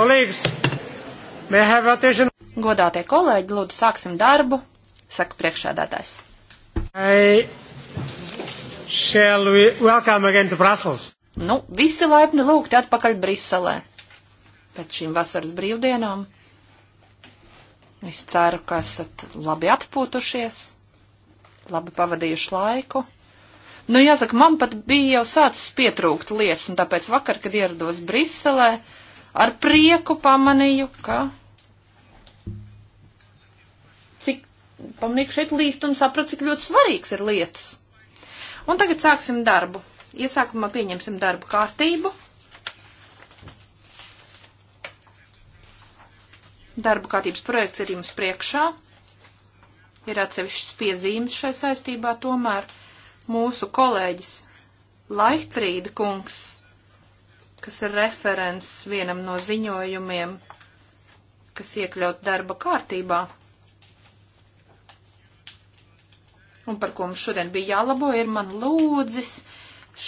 Godātie kolēģi, lūdzu, sāksim darbu, saka priekšsēdētājs. Nu, visi laipni lūgti atpakaļ Briselē pēc šīm vasaras brīvdienām. Es ceru, ka esat labi atpūtušies, labi pavadījuši laiku. Nu, jāsaka, man pat bija jau sācis pietrūkt lietas, un tāpēc vakar, kad ierados Briselē, uh, ar prieku pamanīju, ka cik pamanīju šeit līst un sapratu, cik ļoti svarīgs ir lietas. Un tagad sāksim darbu. Iesākumā pieņemsim darbu kārtību. Darba kārtības projekts ir jums priekšā. Ir atsevišķas piezīmes šai saistībā, tomēr mūsu kolēģis Laihtfrīda kungs kas ir referents vienam no ziņojumiem, kas iekļaut darba kārtībā. Un par ko mums šodien bija jālabo, ir man lūdzis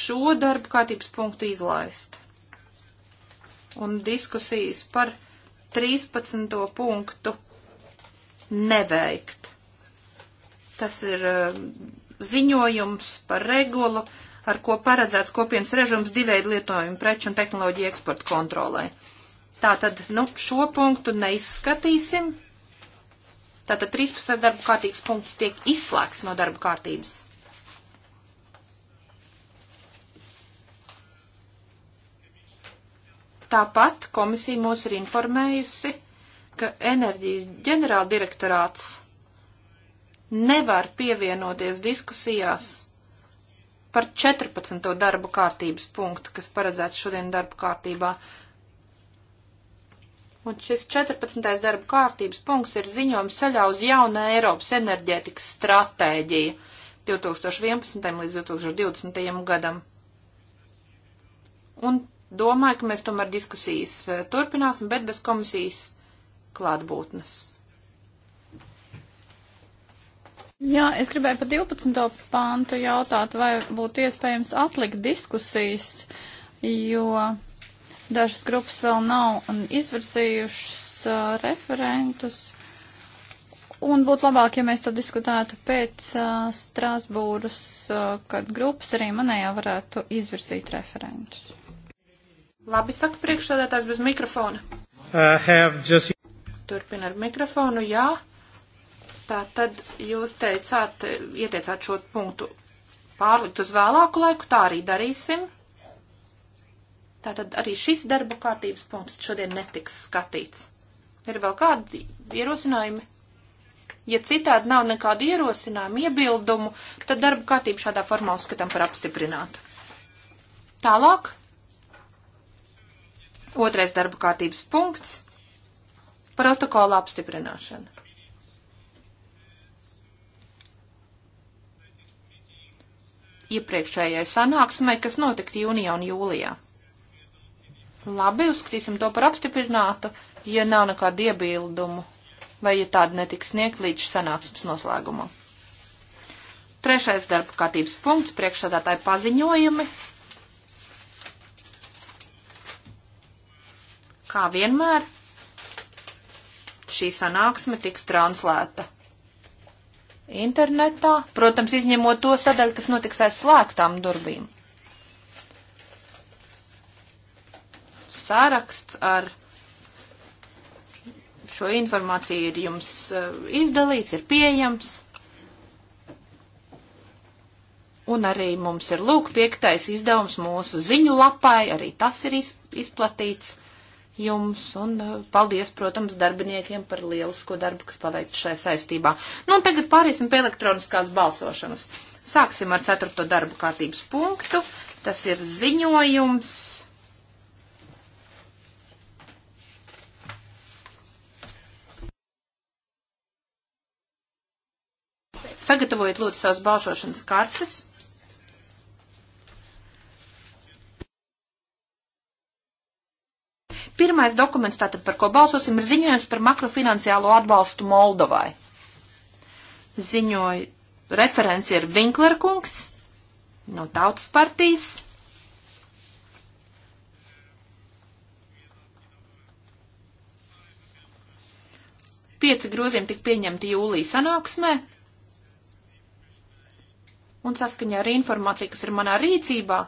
šo darba kārtības punktu izlaist. Un diskusijas par 13. punktu neveikt. Tas ir eh, ziņojums par regulu ar ko paredzēts kopienas režīms divveidu lietojumu preču un tehnoloģiju eksporta kontrolē. Tātad, nu, šo punktu neizskatīsim. Tātad 13. darba kārtības punkts tiek izslēgts no darba kārtības. Tāpat komisija mūs ir informējusi, ka enerģijas ģenerāldirektorāts nevar pievienoties diskusijās par 14. darbu kārtības punktu, kas paredzēts šodien darbu kārtībā. Un šis 14. darba kārtības punkts ir ziņojums ceļā uz jaunu Eiropas enerģētikas stratēģiju 2011. līdz 2020. gadam. Un domāju, ka mēs tomēr diskusijas eh, turpināsim, bet bez komisijas klātbūtnes. Jā, es gribēju par 12. pāntu jautāt, vai būtu iespējams atlikt diskusijas, jo dažas grupas vēl nav izvirzījušas uh, referentus. Un būtu labāk, ja mēs to diskutētu pēc uh, Strasbūras, uh, kad grupas arī manējā varētu izvirzīt referentus. Labi, saka priekšsēdētājs bez mikrofona. Uh, just... Turpin ar mikrofonu, jā. Uh, Tā tad jūs teicāt, ieteicāt šo punktu pārlikt uz vēlāku laiku, tā arī darīsim. Tātad arī šis darba kārtības punkts šodien netiks skatīts. Ir vēl kādi ierosinājumi? Ja citādi nav nekādu ierosinājumu, iebildumu, tad darba kārtību šādā formā uzskatām par apstiprinātu. Tālāk. Otrais darba kārtības punkts - protokola apstiprināšana. iepriekšējai sanāksmai, kas notika jūnijā un jūlijā. Labi, uzskatīsim to par apstiprinātu, ja nav nekādu iebildumu, vai ja tāda netiks sniegt līdz sanāksmes noslēgumam. Trešais darba kārtības punkts - priekšsādātāji paziņojumi. Kā vienmēr, šī sanāksme tiks translēta internetā, protams, izņemot to sadaļu, kas notiks aiz slēgtām durvīm. Sāraksts ar šo informāciju ir jums eh, izdalīts, ir pieejams. Un arī mums ir lūk piektais izdevums mūsu ziņu lapai, arī tas ir izplatīts jums un uh, paldies, protams, darbiniekiem par lielisko darbu, kas paveikts šai saistībā. Nu, un tagad pāriesim pie elektroniskās balsošanas. Sāksim ar ceturto darbu kārtības punktu. Tas ir ziņojums. Sagatavojiet lūdzu savas balsošanas kartes. Pirmais dokuments, tātad par ko balsosim, ir ziņojums par makrofinanciālo atbalstu Moldovai. Ziņoja, referents ir Vinklerkungs no Tautas partijas. Pieci grozījumi tika pieņemti jūlijā sanāksmē, un saskaņā ar informāciju, kas ir manā rīcībā,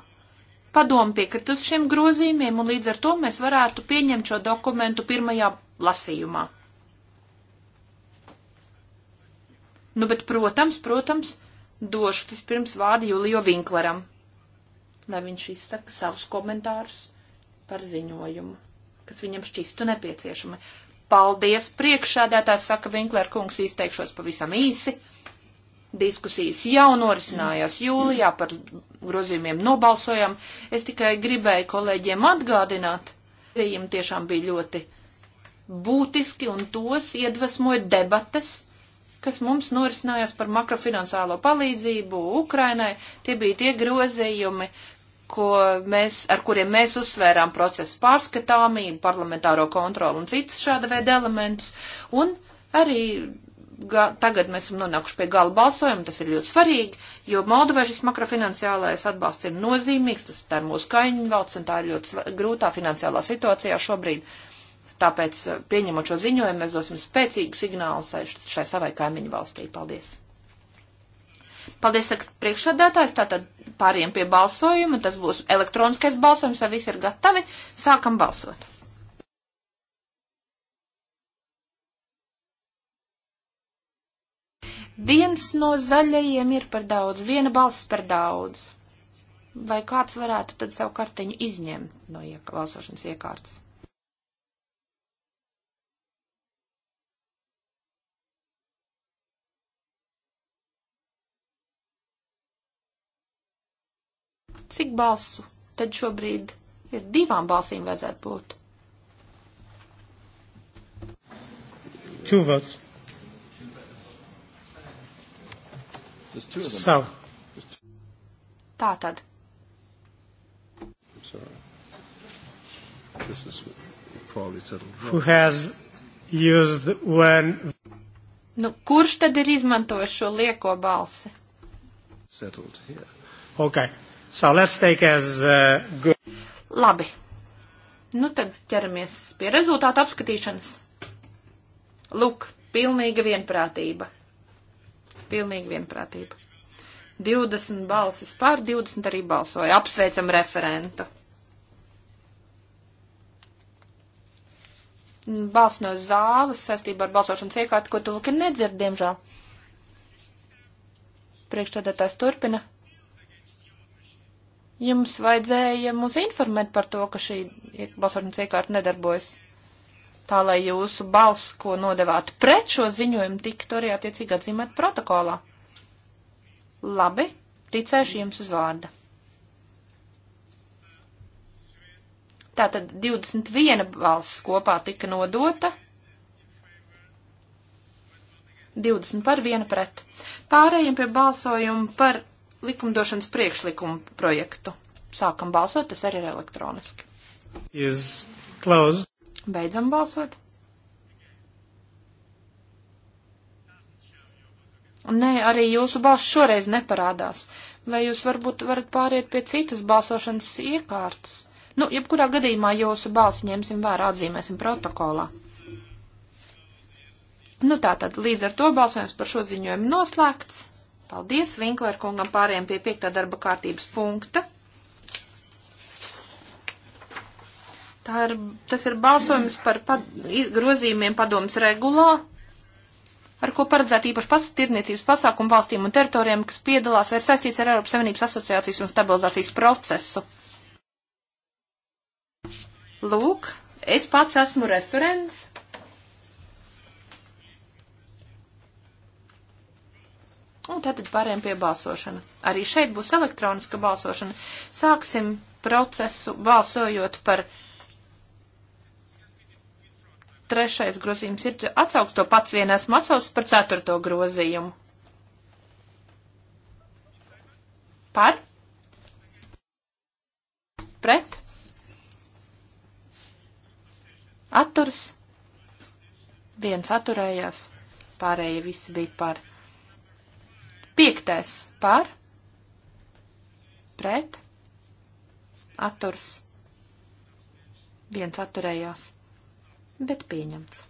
Padomu piekrita uz šiem grozījumiem, un līdz ar to mēs varētu pieņemt šo dokumentu pirmajā lasījumā. Nu, bet, protams, protams, došu vispirms vārdu Julio Vinkleram, lai viņš izsaka savus komentārus par ziņojumu, kas viņam šķistu nepieciešami. Paldies, priekšsēdētājs, saka Vinklera kungs, izteikšos pavisam īsi. Diskusijas jau norisinājās jūlijā, par grozījumiem nobalsojam. Es tikai gribēju kolēģiem atgādināt, viņiem tiešām bija ļoti būtiski un tos iedvesmoja debates kas mums norisinājās par makrofinansālo palīdzību Ukrainai. Tie bija tie grozījumi, ko mēs, ar kuriem mēs uzsvērām procesu pārskatāmību, parlamentāro kontroli un citus šāda veida elementus. Un arī ga, tagad mēs esam nonākuši pie gala balsojuma, tas ir ļoti svarīgi, jo Moldovai šis makrofinanciālais atbalsts ir nozīmīgs, tas tā ir mūsu kaimiņu valsts un tā ir ļoti grūtā finansiālā situācijā šobrīd. Tāpēc, eh, pieņemot šo ziņojumu, mēs dosim spēcīgu signālu šai, šai savai kaimiņu valstī. Paldies! Paldies, saka priekšsādātājs, tātad pāriem pie balsojuma, tas būs elektroniskais balsojums, ja visi ir gatavi, sākam balsot! Viens no zaļajiem ir par daudz, viena balss par daudz. Vai kāds varētu tad savu kartiņu izņemt no iek balsošanas iekārtas? Cik balsu tad šobrīd ir divām balsīm vajadzētu būt? Two votes. There's two of them. So. Tā tad. Sorry. This is probably settled. Wrong. Who has used when. Nu, kurš tad ir izmantojis šo lieko balsi? Settled here. Okay. So let's take as uh, good. Labi. Nu tad ķeramies pie rezultātu apskatīšanas. Lūk, pilnīga vienprātība. Pilnīgi vienprātība. 20 balsis pār, 20 arī balsoja. Apsveicam referentu. Balsts no zāles saistībā ar balsošanas iekārtu, ko tulki nedzird, diemžēl. Priekšstādātājs turpina. Jums vajadzēja mūs informēt par to, ka šī balsošanas iekārta nedarbojas tā lai jūsu balss, ko nodevātu pret šo ziņojumu, tiktu arī attiecīgi atzīmēt protokolā. Labi, ticēšu jums uz vārda. Tātad 21 balss kopā tika nodota. 20 par 1 pret. Pārējiem pie balsojumu par likumdošanas priekšlikumu projektu. Sākam balsot, tas arī ir elektroniski. Is closed. Beidzam balsot. Nē, arī jūsu balss šoreiz neparādās. Vai jūs varbūt varat pāriet pie citas balsošanas iekārtas? Nu, jebkurā gadījumā jūsu balsi ņemsim vērā, atzīmēsim protokolā. Nu, tā tad līdz ar to balsojums par šo ziņojumu noslēgts. Paldies Vinklēr kungam pāriem pie piektā darba kārtības punkta. Tā ir, tas ir balsojums par pad, grozījumiem padomas regulā, ar ko paredzēta īpaši pas, tirdzniecības pasākumu valstīm un teritorijām, kas piedalās vai ir saistīts ar Eiropas Savienības asociācijas un stabilizācijas procesu. Lūk, es pats esmu referents. Un tātad pārējām pie balsošana. Arī šeit būs elektroniska balsošana. Sāksim procesu balsojot par trešais grozījums ir atsaukt to pats vien esmu atsaucis par ceturto grozījumu. Par? Pret? Atturs? Viens atturējās, pārējie visi bija par. Piektais par? Pret? Atturs? Viens atturējās bet pieņemts.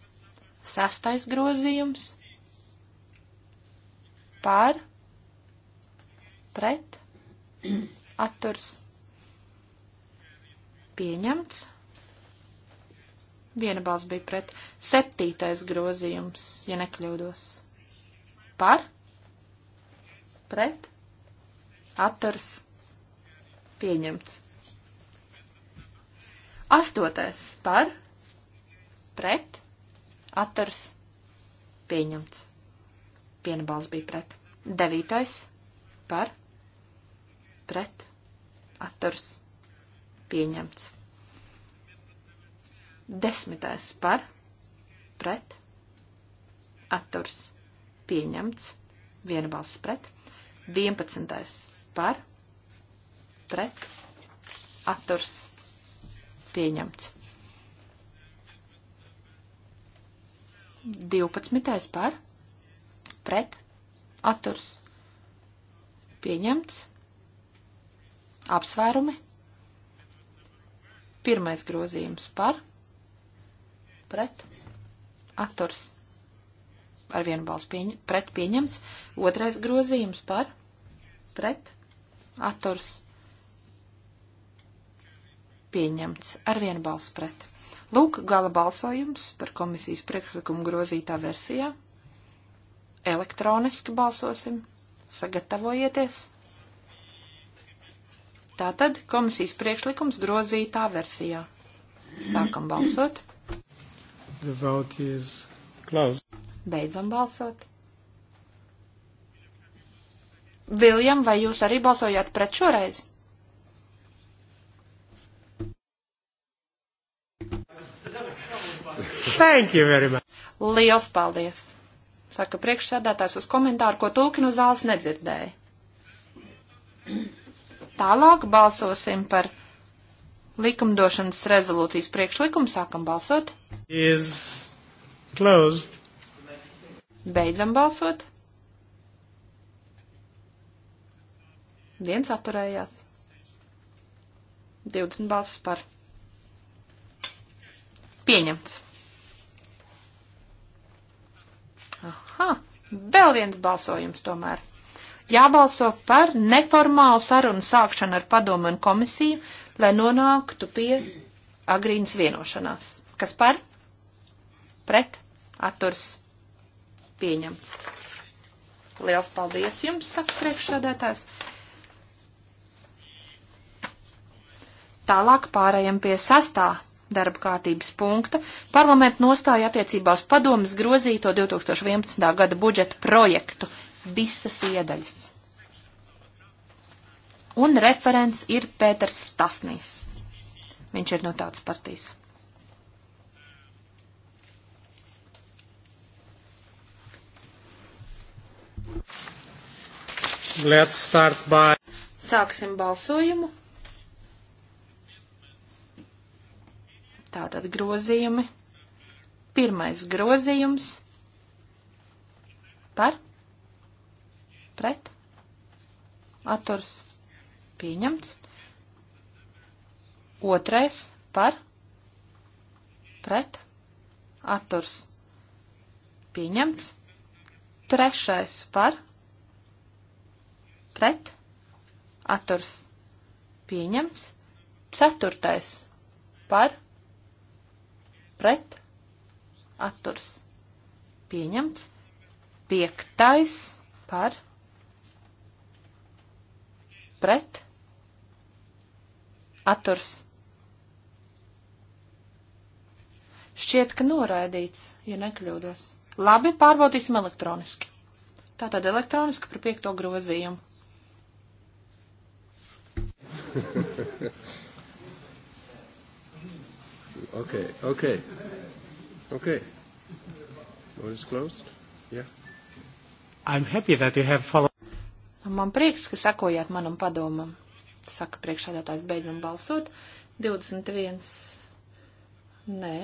Sastais grozījums par, pret, atturs, pieņemts. Viena balss bija pret. Septītais grozījums, ja nekļūdos. Par, pret, atturs, pieņemts. Astotais par, pret, atturs, pieņemts. Viena balss bija pret. Devītais par, pret, atturs, pieņemts. Desmitais par, pret, atturs, pieņemts. Viena balss pret. Vienpadsmitais par, pret, atturs, pieņemts. 12. par pret atturs pieņemts. Apsvērumi. Pirmais grozījums par pret atturs ar vienu balsu pieņ pret pieņemts. Otrais grozījums par pret atturs pieņemts ar vienu balsu pret. Lūk, gala balsojums par komisijas priekšlikumu grozītā versijā. Elektroniski balsosim, sagatavojieties. Tātad komisijas priekšlikums grozītā versijā. Sākam balsot. The vote is closed. Beidzam balsot. Viljam, vai jūs arī balsojāt pret šoreiz? Thank you very much. Liels paldies. Saka priekšsēdētājs uz komentāru, ko tulki no zāles nedzirdēja. Tālāk balsosim par likumdošanas rezolūcijas priekšlikumu. Sākam balsot. Is closed. Beidzam balsot. Viens atturējās. 20 balsis par. Pieņemts. Aha, vēl viens balsojums tomēr. Jābalso par neformālu sarunu sākšanu ar padomu un komisiju, lai nonāktu pie agrīnas vienošanās. Kas par? Pret? Atturs? Pieņemts. Liels paldies jums, saka priekšsādētājs. Tālāk pārējiem pie sastā darba kārtības punkta parlamenta nostāja attiecībā uz padomas grozīto 2011. gada budžeta projektu visas iedaļas. Un referents ir Pēters Stasnīs. Viņš ir no tautas partijas. Let's start by. Sāksim balsojumu. Tātad grozījumi. Pirmais grozījums par, pret, atturs pieņemts. Otrais par, pret, atturs pieņemts. Trešais par, pret, atturs pieņemts. Ceturtais par, pret, atturs, pieņemts. Piektais par, pret, atturs. Šķiet, ka noraidīts, ja nekļūdos. Labi, pārbaudīsim elektroniski. Tātad elektroniski par piekto grozījumu. Okay, okay. Okay. Vote is closed. Yeah. I'm happy that you have followed. Man prieks, ka sakojāt manam padomam. Saka priekšādātājs beidzam balsot. 21. Nē,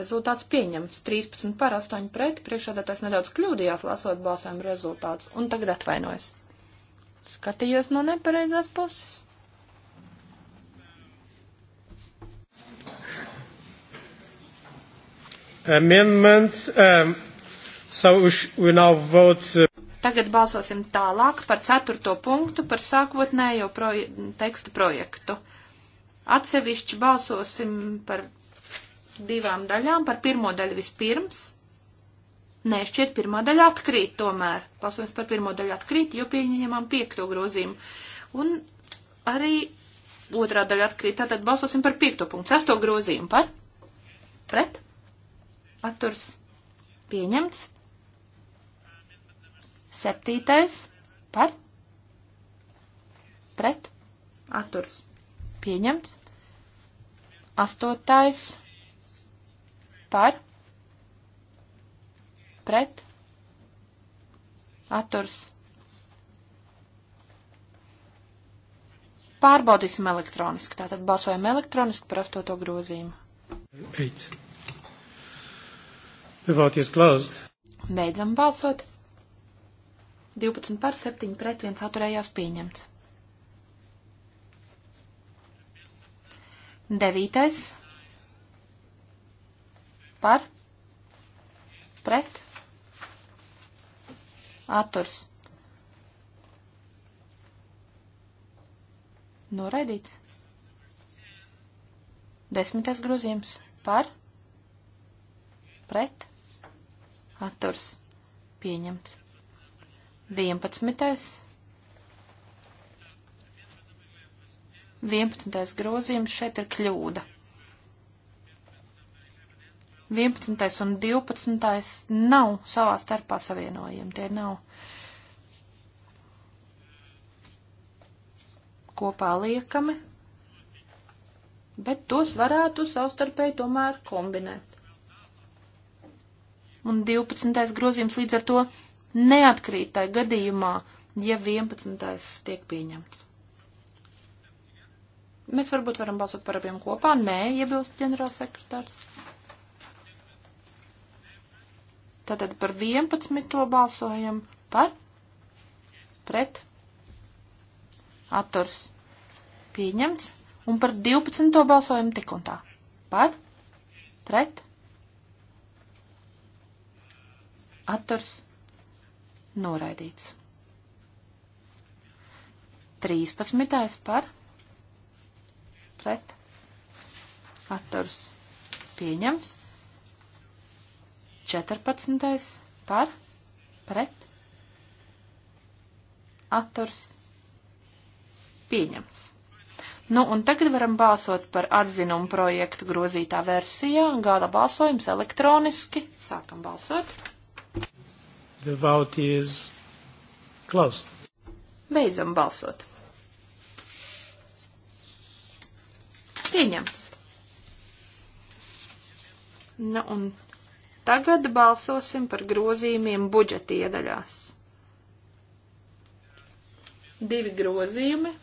rezultāts pieņems. 13 par 8 pret. Priekšādātājs nedaudz kļūdījās lasot balsojumu rezultātus. Un tagad atvainojas. Skatījos no nepareizās puses. amendments. Um, so we, we now vote. Uh, Tagad balsosim tālāk par ceturto punktu par sākotnējo proje teksta projektu. Atsevišķi balsosim par divām daļām, par pirmo daļu vispirms. Nē, šķiet, pirmā daļa atkrīt tomēr. Balsojums par pirmo daļu atkrīt, jo pieņemam piekto grozījumu. Un arī otrā daļa atkrīt, tātad balsosim par piekto punktu, sesto grozījumu par, pret, atturs pieņemts. Septītais par pret atturs pieņemts. Astotais par pret atturs. Pārbaudīsim elektroniski, tātad balsojam elektroniski par astoto grozījumu. 8. The vote is closed. Beidzam balsot. 12 par 7 pret 1 atturējās pieņemts. 9. Par. Pret. Atturs. Noraidīts. Desmitais grozījums. Par. Pret atturs pieņemts. 11. 11. grozījums šeit ir kļūda. 11. un 12. nav savā starpā savienojumi, tie nav kopā liekami, bet tos varētu savstarpēji tomēr kombinēt un 12. grozījums līdz ar to neatkrīt tai gadījumā, ja 11. tiek pieņemts. Mēs varbūt varam balsot par abiem kopā. Nē, iebilst ģenerālsekretārs. Tātad par 11. balsojam par, pret, atturs pieņemts, un par 12. balsojam tik un tā. Par, pret, atturs noraidīts. 13. par pret atturs pieņems. 14. par pret atturs pieņems. Nu, un tagad varam balsot par atzinumu projektu grozītā versijā. Gala balsojums elektroniski. Sākam balsot. The vote is closed. Beidzam balsot. Pieņemts. Nu, un tagad balsosim par grozījumiem budžeta iedaļās. Divi grozījumi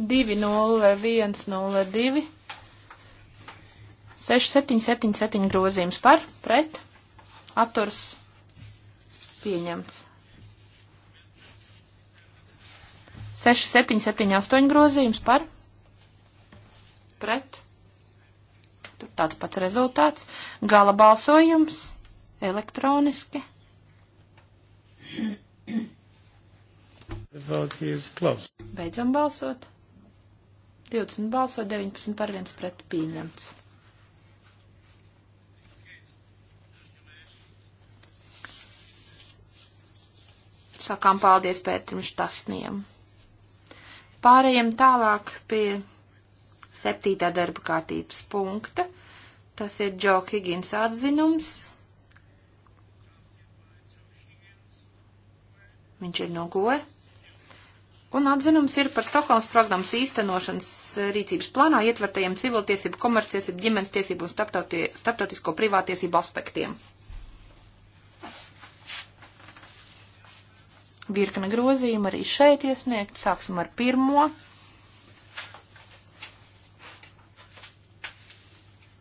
200102 6777 grozījums par, pret, atturs pieņemts. 6778 grozījums par, pret, tur tāds pats rezultāts, gala balsojums elektroniski. The vote is closed. Beidzam balsot. 20 balso, 19 par 1 pret pieņemts. Sakām paldies Pētrim Štasniem. Pārējiem tālāk pie septītā darba kārtības punkta. Tas ir Džo Higgins atzinums. Viņš ir no goja. Un atzinums ir par Stokholmas programmas īstenošanas eh, rīcības plānā ietvertajiem civiltiesību, komerctiesību, ģimenes tiesību un starptautisko privātiesību aspektiem. Virkne grozījumu arī šeit iesniegt. Sāksim ar pirmo.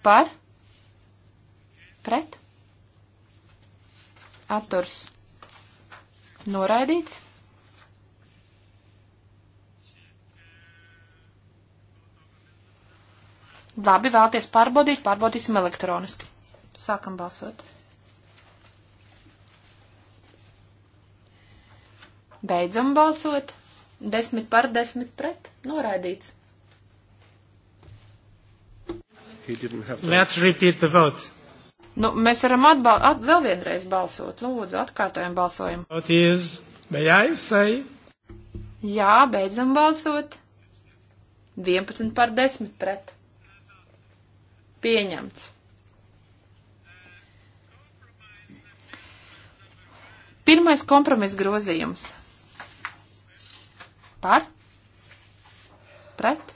Par? Pret? Atturs? Noraidīts? Labi, vēlties pārbaudīt, pārbaudīsim elektroniski. Sākam balsot. Beidzam balsot. Desmit par, desmit pret. Noraidīts. Let's repeat the vote. Nu, mēs varam atbal, at, vēl vienreiz balsot. Lūdzu, atkārtojam balsojumu. Vote is, may I say? Jā, beidzam balsot. 11 par 10 pret. Pieņemts. Pirmais kompromis grozījums. Par? Pret?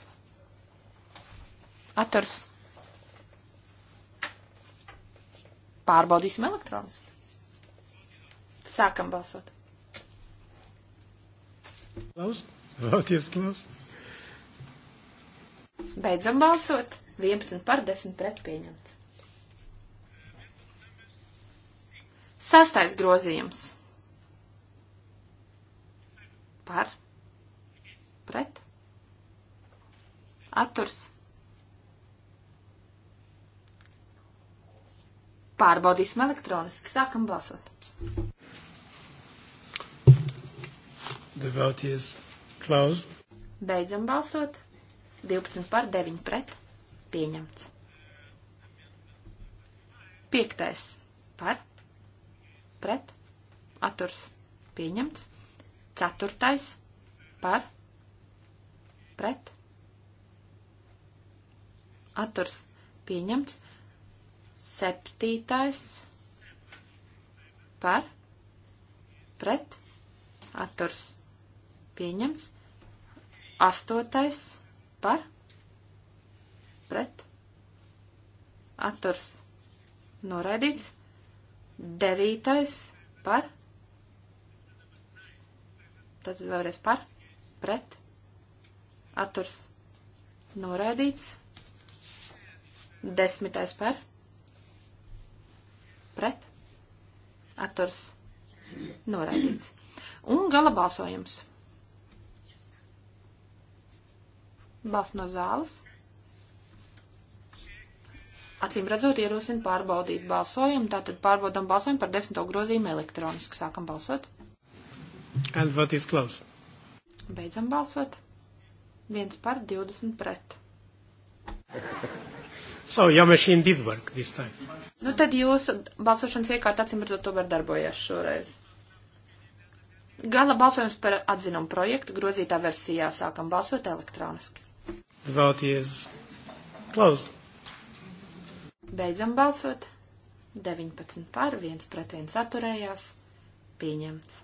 Atturs. Pārbaudīsim elektroniski. Sākam balsot. Klaus, vēlties klaus. Beidzam balsot. 11 par 10 pret pieņemts. Sastais grozījums. Par. Pret. Atturs. Pārbaudīsim elektroniski. Sākam balsot. The vote is closed. Beidzam balsot. 12 par 9 pret. Pieņemts. Piektais. Par. Pret. Aturs. Pieņemts. Ceturtais. Par. Pret. Aturs. Pieņemts. Septītais. Par. Pret. Aturs. Pieņemts. Astotais. Par pret, atturs, noraidīts, devītais par, tad vēlreiz par, pret, atturs, noraidīts, desmitais par, pret, atturs, noraidīts. Un gala balsojums. Balsts no zāles acīm redzot ierosina pārbaudīt balsojumu, tātad pārbaudam balsojumu par desmito grozījumu elektroniski. Sākam balsot. And what is close? Beidzam balsot. Viens par 20 pret. so your machine did work this time. Nu tad jūsu balsošanas iekārta acīm redzot tomēr darbojās šoreiz. Gala balsojums par atzinumu projektu grozītā versijā sākam balsot elektroniski. The vote is closed. Beidzam balsot. 19 par, 1 pret 1 atturējās. Pieņemts.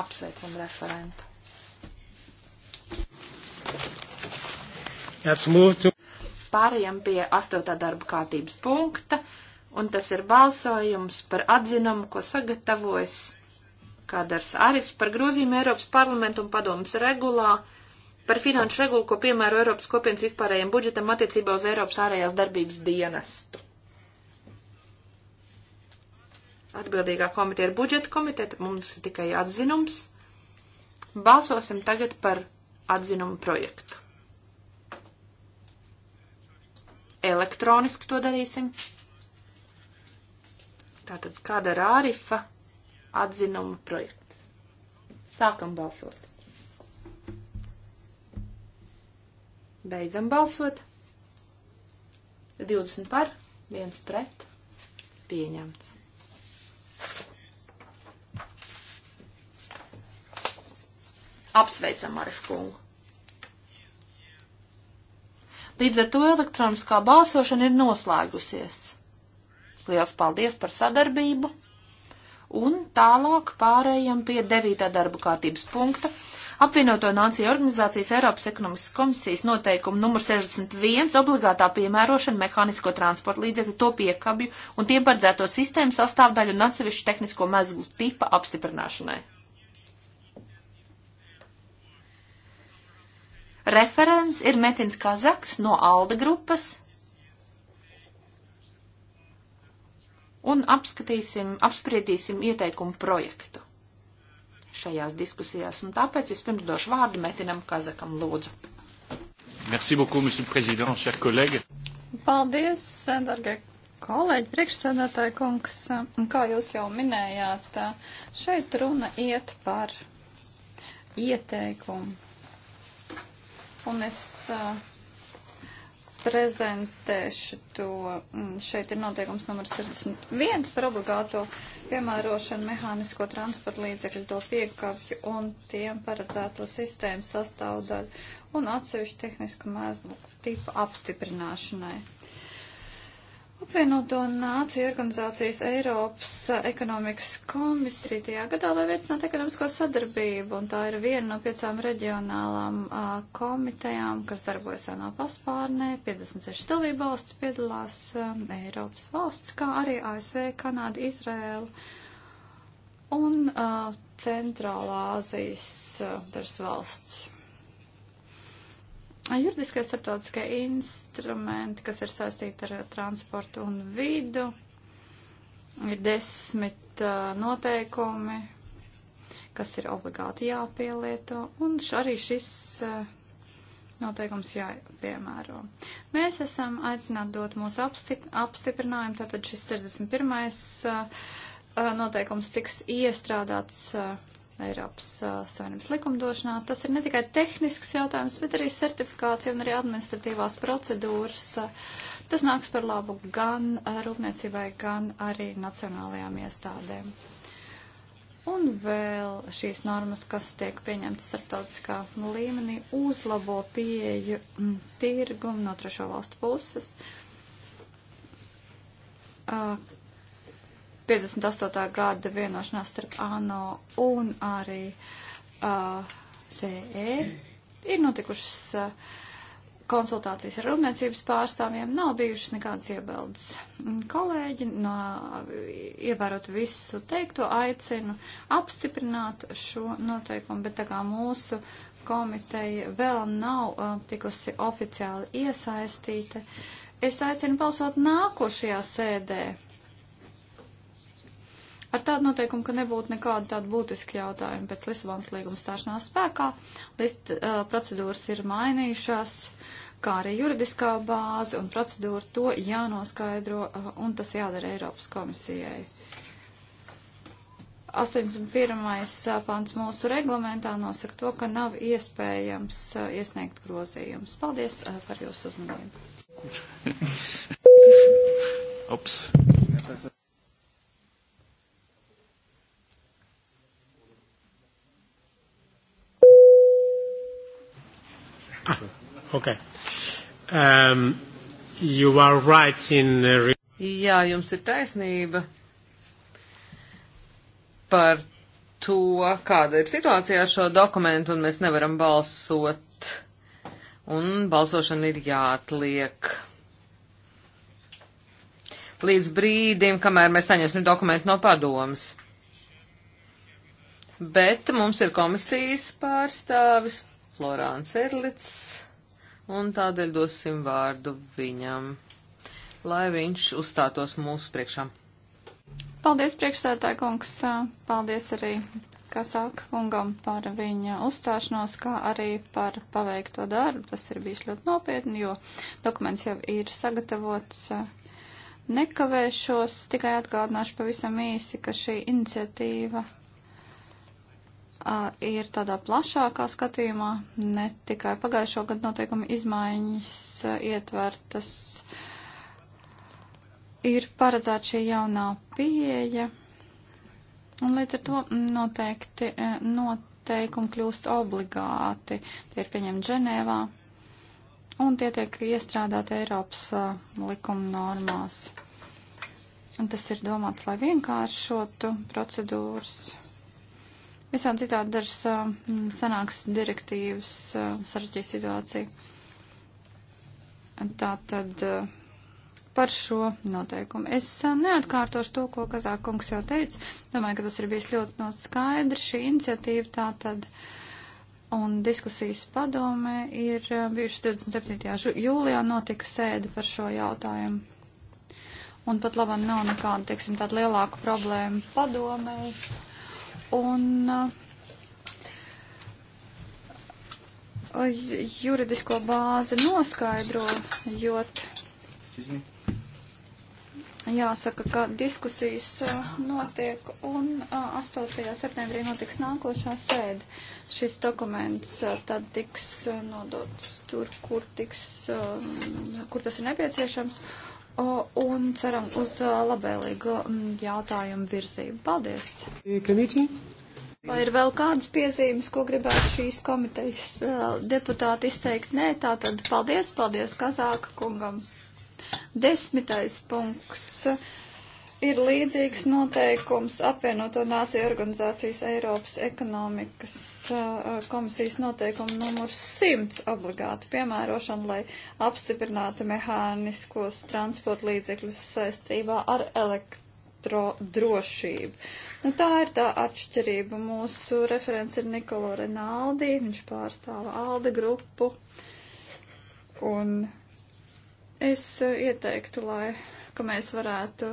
Apsveicam referentu. To... Pārējām pie 8. darba kārtības punkta, un tas ir balsojums par atzinumu, ko sagatavojas Kādars Arifs par grozījumu Eiropas parlamentu un padomas regulā 2008.2 par finanšu regulu, ko piemēro Eiropas kopienas vispārējiem budžetam attiecībā uz Eiropas ārējās darbības dienestu. Atbildīgā komiteja ir budžeta komiteja, mums ir tikai atzinums. Balsosim tagad par atzinumu projektu. Elektroniski to darīsim. Tātad kāda ir Ārifa atzinuma projekts? Sākam balsot. Beidzam balsot. 20 par, 1 pret. Pieņemts. Apsveicam Marifu kungu. Līdz ar to elektroniskā balsošana ir noslēgusies. Liels paldies par sadarbību! Un tālāk pārējām pie devītā darba kārtības punkta Apvienoto Nāciju organizācijas Eiropas ekonomiskas komisijas noteikumu numur 61 obligātā piemērošana mehānisko transporta līdzekļu to piekabju un tiem paredzēto sistēmu sastāvdaļu un atsevišķu tehnisko mezglu tipa apstiprināšanai. Referents ir Metins Kazaks no Alda grupas. Un apskatīsim, apspriedīsim ieteikumu projektu šajās diskusijās. Un tāpēc vispirms došu vārdu Metinam Kazakam lūdzu. Merci beaucoup, monsieur le président, chers collègues. Paldies, dargie kolēģi, priekšsēdētāji kungs. Kā jūs jau minējāt, šeit runa iet par ieteikumu. Un es uh, prezentēšu to. Mm, šeit ir noteikums numur 61 par obligāto piemērošanu mehānisko transporta līdzekļu to piekāpju un tiem paredzēto sistēmu sastāvdaļu un atsevišķu tehnisku mēzlu tipu apstiprināšanai. Apvienoto nāciju organizācijas Eiropas ekonomikas komisija tajā gadā, lai veicinātu ekonomisko sadarbību, un tā ir viena no piecām reģionālām a, komitejām, kas darbojas ANO paspārnē. 56 dalībvalsts piedalās a, Eiropas valsts, kā arī ASV, Kanāda, Izraela un a, Centrālā Āzijas dažas valsts. Juridiskie starptautiskie instrumenti, kas ir saistīti ar eh, transportu un vidu, ir desmit uh, noteikumi, kas ir obligāti jāpielieto, un arī šis uh, noteikums jāpiemēro. Mēs esam aicināti dot mūsu apstik, apstiprinājumu, tātad šis 61. Uh, noteikums tiks iestrādāts uh, Eiropas uh, Savienības likumdošanā. Tas ir ne tikai tehnisks jautājums, bet arī certifikācija un arī administratīvās procedūras. Tas nāks par labu gan uh, rūpniecībai, gan arī nacionālajām iestādēm. Un vēl šīs normas, kas tiek pieņemtas starptautiskā līmenī, uzlabo pieeju mm, tirgumu no trešo valstu puses. Uh, 58. gada vienošanās starp ANO un arī uh, CE ir notikušas uh, konsultācijas ar rūpniecības pārstāvjiem, nav bijušas nekādas iebildes. Mm, kolēģi, no, ievērot visu teikto, aicinu apstiprināt šo noteikumu, bet tā kā mūsu komiteja vēl nav uh, tikusi oficiāli iesaistīta, es aicinu balsot nākošajā sēdē ar tādu noteikumu, ka nebūtu nekāda tāda būtiska jautājuma pēc Lisabonas līguma stāšanās spēkā. List, uh, procedūras ir mainījušās, kā arī juridiskā bāze un procedūra to jānoskaidro uh, un tas jādara Eiropas komisijai. 81. Uh, pants mūsu reglamentā nosaka to, ka nav iespējams uh, iesniegt grozījumus. Paldies uh, par jūsu uzmanību. Ops. Okay. Um, you are right in... Uh, Jā, jums ir taisnība par to, kāda ir situācija ar šo dokumentu, un mēs nevaram balsot, un balsošana ir jāatliek. Līdz brīdim, kamēr mēs saņemsim dokumentu no padomas. Bet mums ir komisijas pārstāvis Florāns Erlits un tādēļ dosim vārdu viņam, lai viņš uzstātos mūsu priekšā. Paldies, priekšsētāji kungs. Paldies arī Kasāka kungam par viņa uzstāšanos, kā arī par paveikto darbu. Tas ir bijis ļoti nopietni, jo dokuments jau ir sagatavots. Nekavēšos, tikai atgādināšu pavisam īsi, ka šī iniciatīva ir tādā plašākā skatījumā, ne tikai pagājušo gadu noteikumu izmaiņas ietvertas. Ir paredzēta šī jaunā pieeja, un līdz ar to noteikti e, noteikumi kļūst obligāti. Tie ir pieņemti Ženēvā, un tie tiek iestrādāti Eiropas likuma normās. Un tas ir domāts, lai vienkāršotu procedūras Visām citādi dažas uh, mm, sanāks direktīvas uh, sarežģīja situāciju. Tā tad uh, par šo noteikumu. Es neatkārtošu to, ko Kazākungs jau teica. Domāju, ka tas ir bijis ļoti no skaidri. Šī iniciatīva tā tad un diskusijas padome ir bijušas 27. jūlijā notika sēde par šo jautājumu. Un pat labam nav nekāda, teiksim, tāda lielāka problēma padomēji un uh, juridisko bāzi noskaidro, jo jāsaka, ka diskusijas uh, notiek un 8. Uh, septembrī notiks nākošā sēde. Šis dokuments tad tiks nodots tur, kur, tiks, um, kur tas ir nepieciešams un ceram uz labvēlīgu jautājumu virzību. Paldies! Kanīķi? Vai ir vēl kādas piezīmes, ko gribētu šīs komitejas deputāti izteikt? Nē, tātad paldies, paldies Kazāka kungam. Desmitais punkts ir līdzīgs noteikums apvienoto nāciju organizācijas Eiropas ekonomikas uh, komisijas noteikuma numurs 100 obligāti piemērošana, lai apstiprinātu mehāniskos transporta līdzekļus saistībā ar elektrodrošību. Nu, tā ir tā atšķirība. Mūsu referents ir Nikolo Renaldi, viņš pārstāva Alde grupu. Un es uh, ieteiktu, lai, ka mēs varētu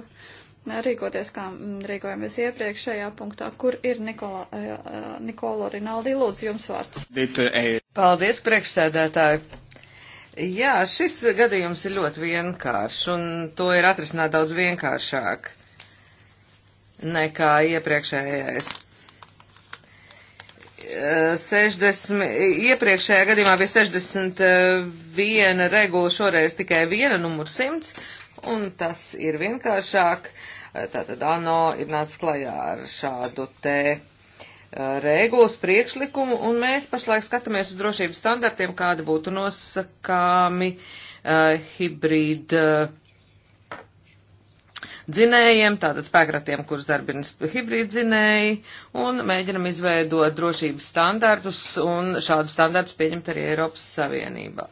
rīkoties, kā mm, rīkojamies iepriekšējā punktā, kur ir Nikola, eh, eh, Nikola Rinaldi. Lūdzu, jums vārds. Eh, Paldies, priekšsēdētāji. Jā, šis gadījums ir ļoti vienkāršs, un to ir atrisināt daudz vienkāršāk nekā iepriekšējais. 60, iepriekšējā gadījumā bija 61 regula, šoreiz tikai viena numur 100, un tas ir vienkāršāk. Uh, Tātad ANO ir nācis klajā ar šādu te e, regulas priekšlikumu, un mēs pašlaik skatāmies uz drošības standartiem, kādi būtu nosakāmi uh, e, hibrīda uh, e, dzinējiem, tātad spēkratiem, kurus darbinas hibrīd dzinēji, un mēģinam izveidot drošības standartus, un šādu standartus pieņemt arī Eiropas Savienībā.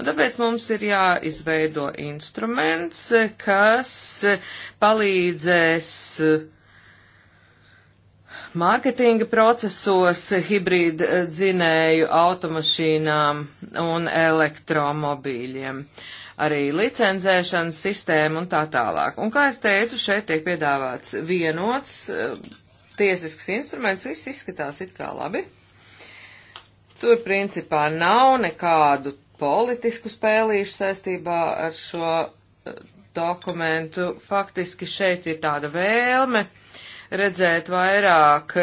Un tāpēc mums ir jāizveido instruments, kas palīdzēs mārketinga procesos, hibrīd dzinēju automašīnām un elektromobīļiem. Uh, arī licenzēšanas sistēma un tā tālāk. Un kā es teicu, šeit tiek piedāvāts vienots uh, tiesisks instruments, viss izskatās it kā labi. Tur principā nav nekādu politisku spēlīšu saistībā ar šo uh, dokumentu. Faktiski šeit ir tāda vēlme redzēt vairāk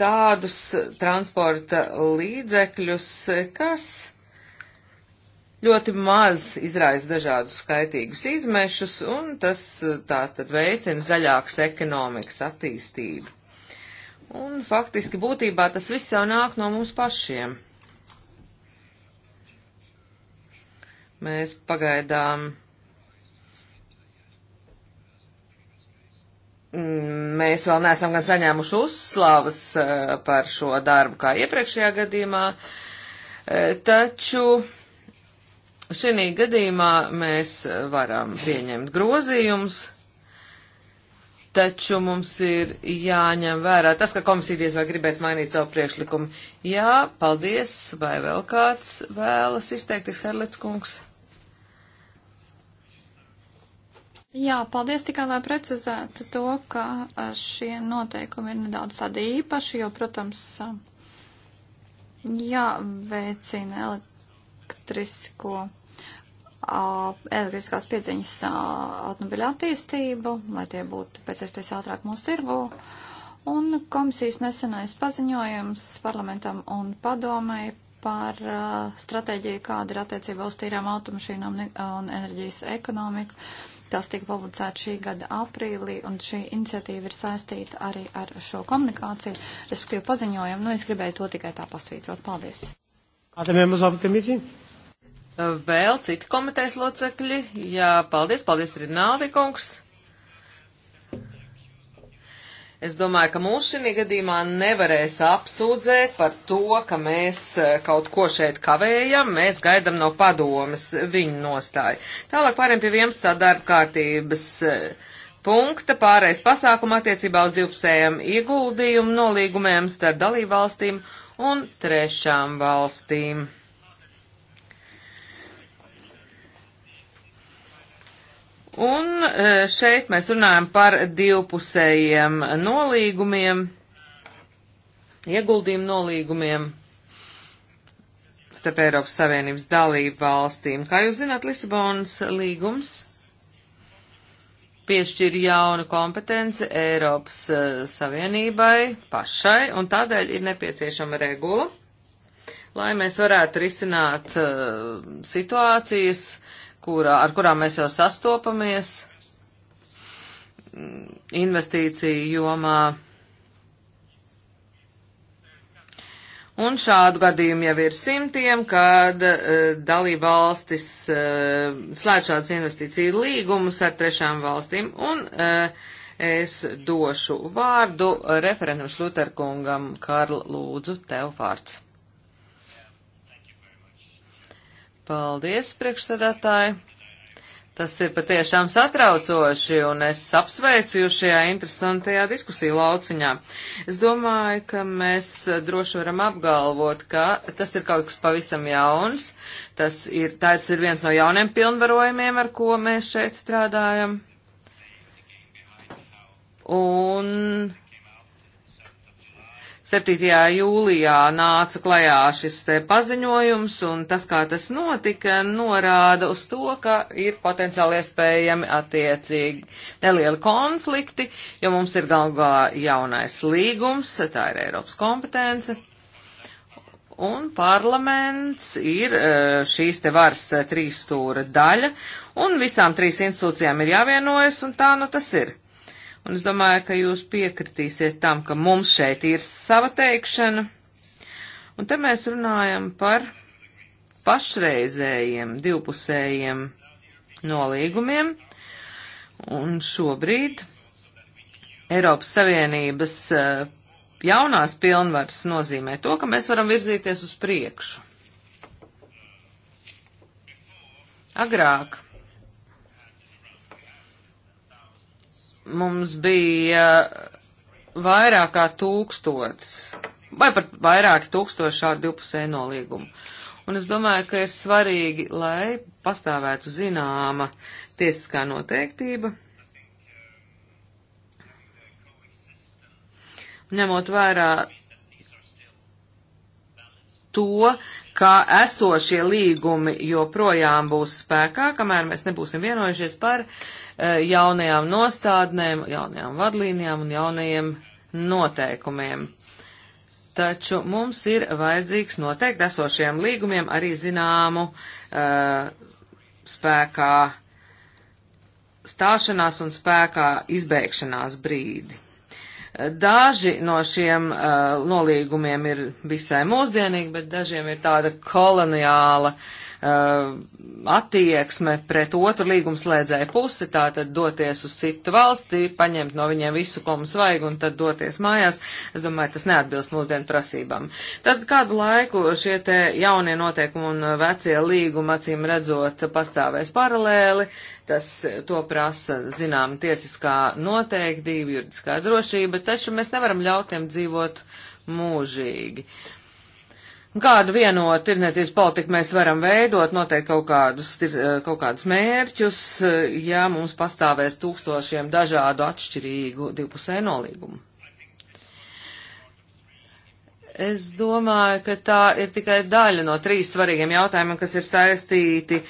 tādus transporta līdzekļus, kas ļoti maz izraisa dažādus skaitīgus izmešus, un tas eh, tā tad veicina zaļākas ekonomikas attīstību. Un faktiski būtībā tas viss jau nāk no mums pašiem. Mēs pagaidām. Mm, mēs vēl neesam gan saņēmuši uzslavas eh, par šo darbu kā iepriekšējā gadījumā, eh, taču Šī gadījumā mēs varam pieņemt grozījumus, taču mums ir jāņem vērā tas, ka komisija diez vai gribēs mainīt savu priekšlikumu. Jā, paldies, vai vēl kāds vēlas izteikties, Herlets kungs? Jā, paldies tikai, lai precizētu to, ka šie noteikumi ir nedaudz tādi īpaši, jo, protams, jāveicina elektronisko elektriskās piedziņas automobiļu attīstību, lai tie būtu pēc iespējas ātrāk mūsu tirgu. Un komisijas nesenais paziņojums parlamentam un padomai par uh, stratēģiju, kāda ir attiecībā uz tīrām automašīnām un enerģijas ekonomiku. Tas tika publicēts šī gada aprīlī, un šī iniciatīva ir saistīta arī ar šo komunikāciju, respektīvi paziņojumu. Nu, es gribēju to tikai tā pasvītrot. Paldies! Other members of the committee? Eh, vēl citi komitejas locekļi. Jā, paldies, paldies arī Nādikungs. Es domāju, ka mūs šī gadījumā nevarēs apsūdzēt par to, ka mēs eh, kaut ko šeit kavējam, mēs gaidam no padomas viņu nostāju. Tālāk pāriem pie 11. darba kārtības eh, punkta pārējais pasākuma attiecībā uz divpusējiem ieguldījumu nolīgumiem starp dalībvalstīm un trešām valstīm. Un e, šeit mēs runājam par divpusējiem nolīgumiem, ieguldījumu nolīgumiem starp Eiropas Savienības dalību valstīm. Kā jūs zināt, Lisabonas līgums piešķir jaunu kompetenci Eiropas e, Savienībai pašai, un tādēļ ir nepieciešama regula, lai mēs varētu risināt uh, situācijas, uh, kurā, ar kurām mēs jau sastopamies mm, investīciju jomā. Un šādu gadījumu jau ir simtiem, kad uh, e, dalība valstis uh, e, slēdz šādus investīciju līgumus ar trešām valstīm. Un uh, es došu vārdu referentam Šluterkungam. Karl, lūdzu, tev vārds. Paldies, priekšsēdētāji. Tas ir patiešām satraucoši, un es apsveicu jūs šajā interesantajā diskusiju lauciņā. Es domāju, ka mēs droši varam apgalvot, ka tas ir kaut kas pavisam jauns. Tas ir, tāds ir viens no jauniem pilnvarojumiem, ar ko mēs šeit strādājam. Un 7. jūlijā nāca klajā šis paziņojums, un tas, kā tas notika, norāda uz to, ka ir potenciāli iespējami attiecīgi nelieli konflikti, jo mums ir galvā jaunais līgums, tā ir Eiropas kompetence. Un parlaments ir e, šīs te varas e, trīs stūra daļa, un visām trīs institūcijām ir jāvienojas, un tā nu tas ir. Un es domāju, ka jūs piekritīsiet tam, ka mums šeit ir sava teikšana. Un te mēs runājam par pašreizējiem divpusējiem nolīgumiem. Un šobrīd Eiropas Savienības eh, jaunās pilnvaras nozīmē to, ka mēs varam virzīties uz priekšu. Agrāk mums bija vairāk kā tūkstots, vai pat vairāk tūkstoši šādu divpusēju nolīgumu. Un es domāju, ka ir svarīgi, lai pastāvētu zināma tiesiskā noteiktība, ņemot vērā to, ka esošie līgumi joprojām būs spēkā, kamēr mēs nebūsim vienojušies par e, jaunajām nostādnēm, jaunajām vadlīnijām un jaunajiem noteikumiem. Taču mums ir vajadzīgs noteikti esošiem līgumiem arī zināmu uh, spēkā stāšanās un spēkā izbeigšanās brīdi. Daži no šiem uh, nolīgumiem ir visai mūsdienīgi, bet dažiem ir tāda koloniāla uh, Uh, attieksme pret otru līgumslēdzēju pusi, tātad doties uz citu valsti, paņemt no viņiem visu, ko mums vajag, un tad doties mājās. Es domāju, tas neatbilst mūsdienu prasībām. Tad kādu laiku šie te jaunie noteikumi un vecie līgumi, acīm redzot, pastāvēs paralēli. Tas to prasa, zinām, tiesiskā noteiktība, juridiskā drošība, taču mēs nevaram ļaut tiem dzīvot mūžīgi. Uh, Kādu vienotu tirdzniecības politiku mēs varam veidot, noteikti kaut kādus, eh, kaut kādus mērķus, eh, ja mums pastāvēs tūkstošiem dažādu atšķirīgu divpusēju nolīgumu. Es domāju, ka tā ir tikai daļa no trīs svarīgiem jautājumiem, kas ir saistīti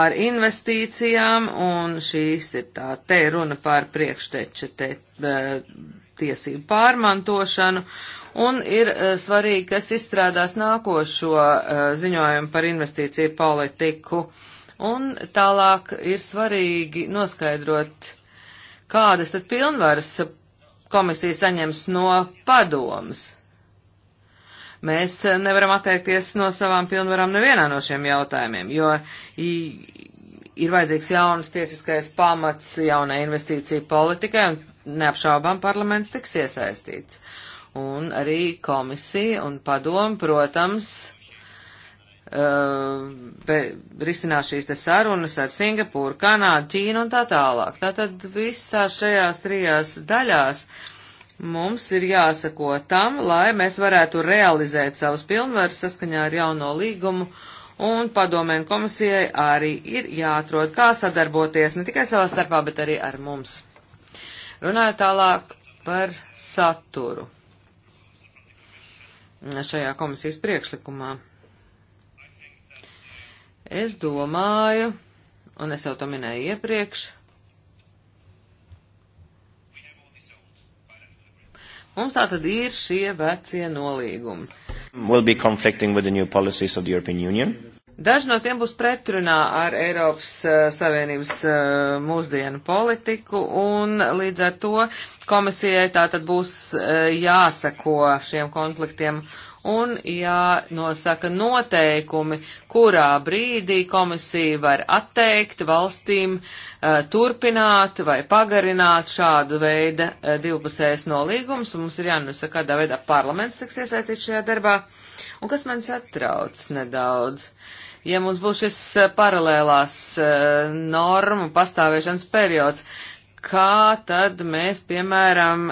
ar investīcijām, un šīs ir tā, te runa par priekšteča te, eh, tiesību pārmantošanu, un ir eh, svarīgi, kas izstrādās nākošo eh, ziņojumu par investīciju politiku. Un tālāk ir svarīgi noskaidrot, kādas tad pilnvaras komisija saņems no padomas. Mēs eh, nevaram atteikties no savām pilnvarām nevienā no šiem jautājumiem, jo ir vajadzīgs jauns tiesiskais pamats jaunai investīciju politikai, un neapšaubām parlaments tiks iesaistīts. Un arī komisija un padomu, protams, uh, be, risinās šīs te sarunas ar Singapūru, Kanādu, Ķīnu un tā tālāk. Tātad visās šajās trijās daļās mums ir jāsako tam, lai mēs varētu realizēt savus pilnvarus saskaņā ar jauno līgumu un padomēn komisijai arī ir jāatrod, kā sadarboties ne tikai savā starpā, bet arī ar mums. Runāju tālāk par saturu šajā komisijas priekšlikumā. Es domāju, un es jau to minēju iepriekš, mums tā tad ir šie vecie nolīgumi. Will be conflicting with the new policies of the European Union. Daži no tiem būs pretrunā ar Eiropas uh, Savienības uh, mūsdienu politiku, un līdz ar to komisijai tātad būs uh, eh, jāsako šiem konfliktiem un jānosaka noteikumi, kurā brīdī komisija var atteikt valstīm turpināt vai pagarināt šādu veidu divpusējas nolīgumus, un mums ir jānosaka, kādā veidā parlaments tiks iesaistīts šajā darbā. Un kas man satrauc nedaudz? Uh, ja mums būs šis eh, paralēlās eh, normu pastāvēšanas periods, kā tad mēs, piemēram,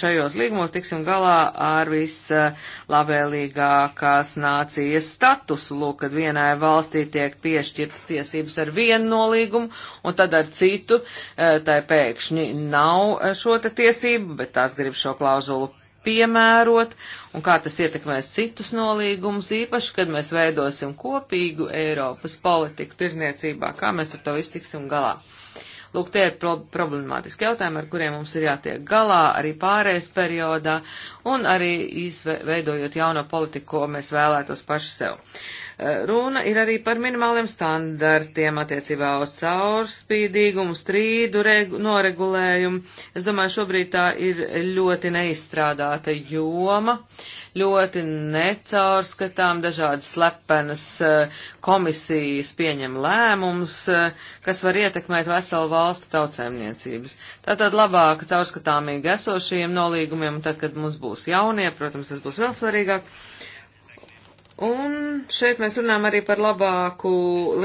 šajos līgumos tiksim galā ar vislabēlīgākās eh, nācijas statusu, lūk, kad vienai valstī tiek piešķirtas tiesības ar vienu nolīgumu, un tad ar citu, tai pēkšņi nav šo te tiesību, bet tās grib šo klauzulu piemērot un kā tas ietekmēs citus nolīgumus, īpaši, kad mēs veidosim kopīgu Eiropas politiku tirzniecībā, kā mēs ar to visu tiksim galā. Lūk, tie ir pro problemātiski jautājumi, ar kuriem mums ir jātiek galā arī pārējais periodā un arī izveidojot jauno politiku, ko mēs vēlētos paši sev. Uh, Runa ir arī par minimāliem standartiem attiecībā uz caurspīdīgumu, strīdu regu, noregulējumu. Es domāju, šobrīd tā ir ļoti neizstrādāta joma, ļoti necaurskatām dažādas slepenas eh, komisijas pieņem lēmums, eh, kas var ietekmēt veselu valstu tautsēmniecības. Tātad labāka caurskatāmīga esošajiem nolīgumiem, un tad, kad mums būs jaunie, protams, tas būs vēl svarīgāk Un šeit mēs runājam arī par labāku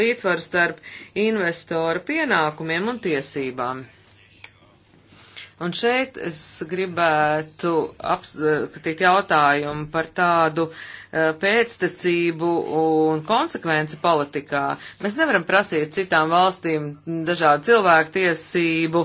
līdzsvaru starp investoru pienākumiem un tiesībām. Un šeit es gribētu apskatīt jautājumu par tādu e, pēctecību un konsekvenci politikā. Mēs nevaram prasīt citām valstīm dažādu cilvēku tiesību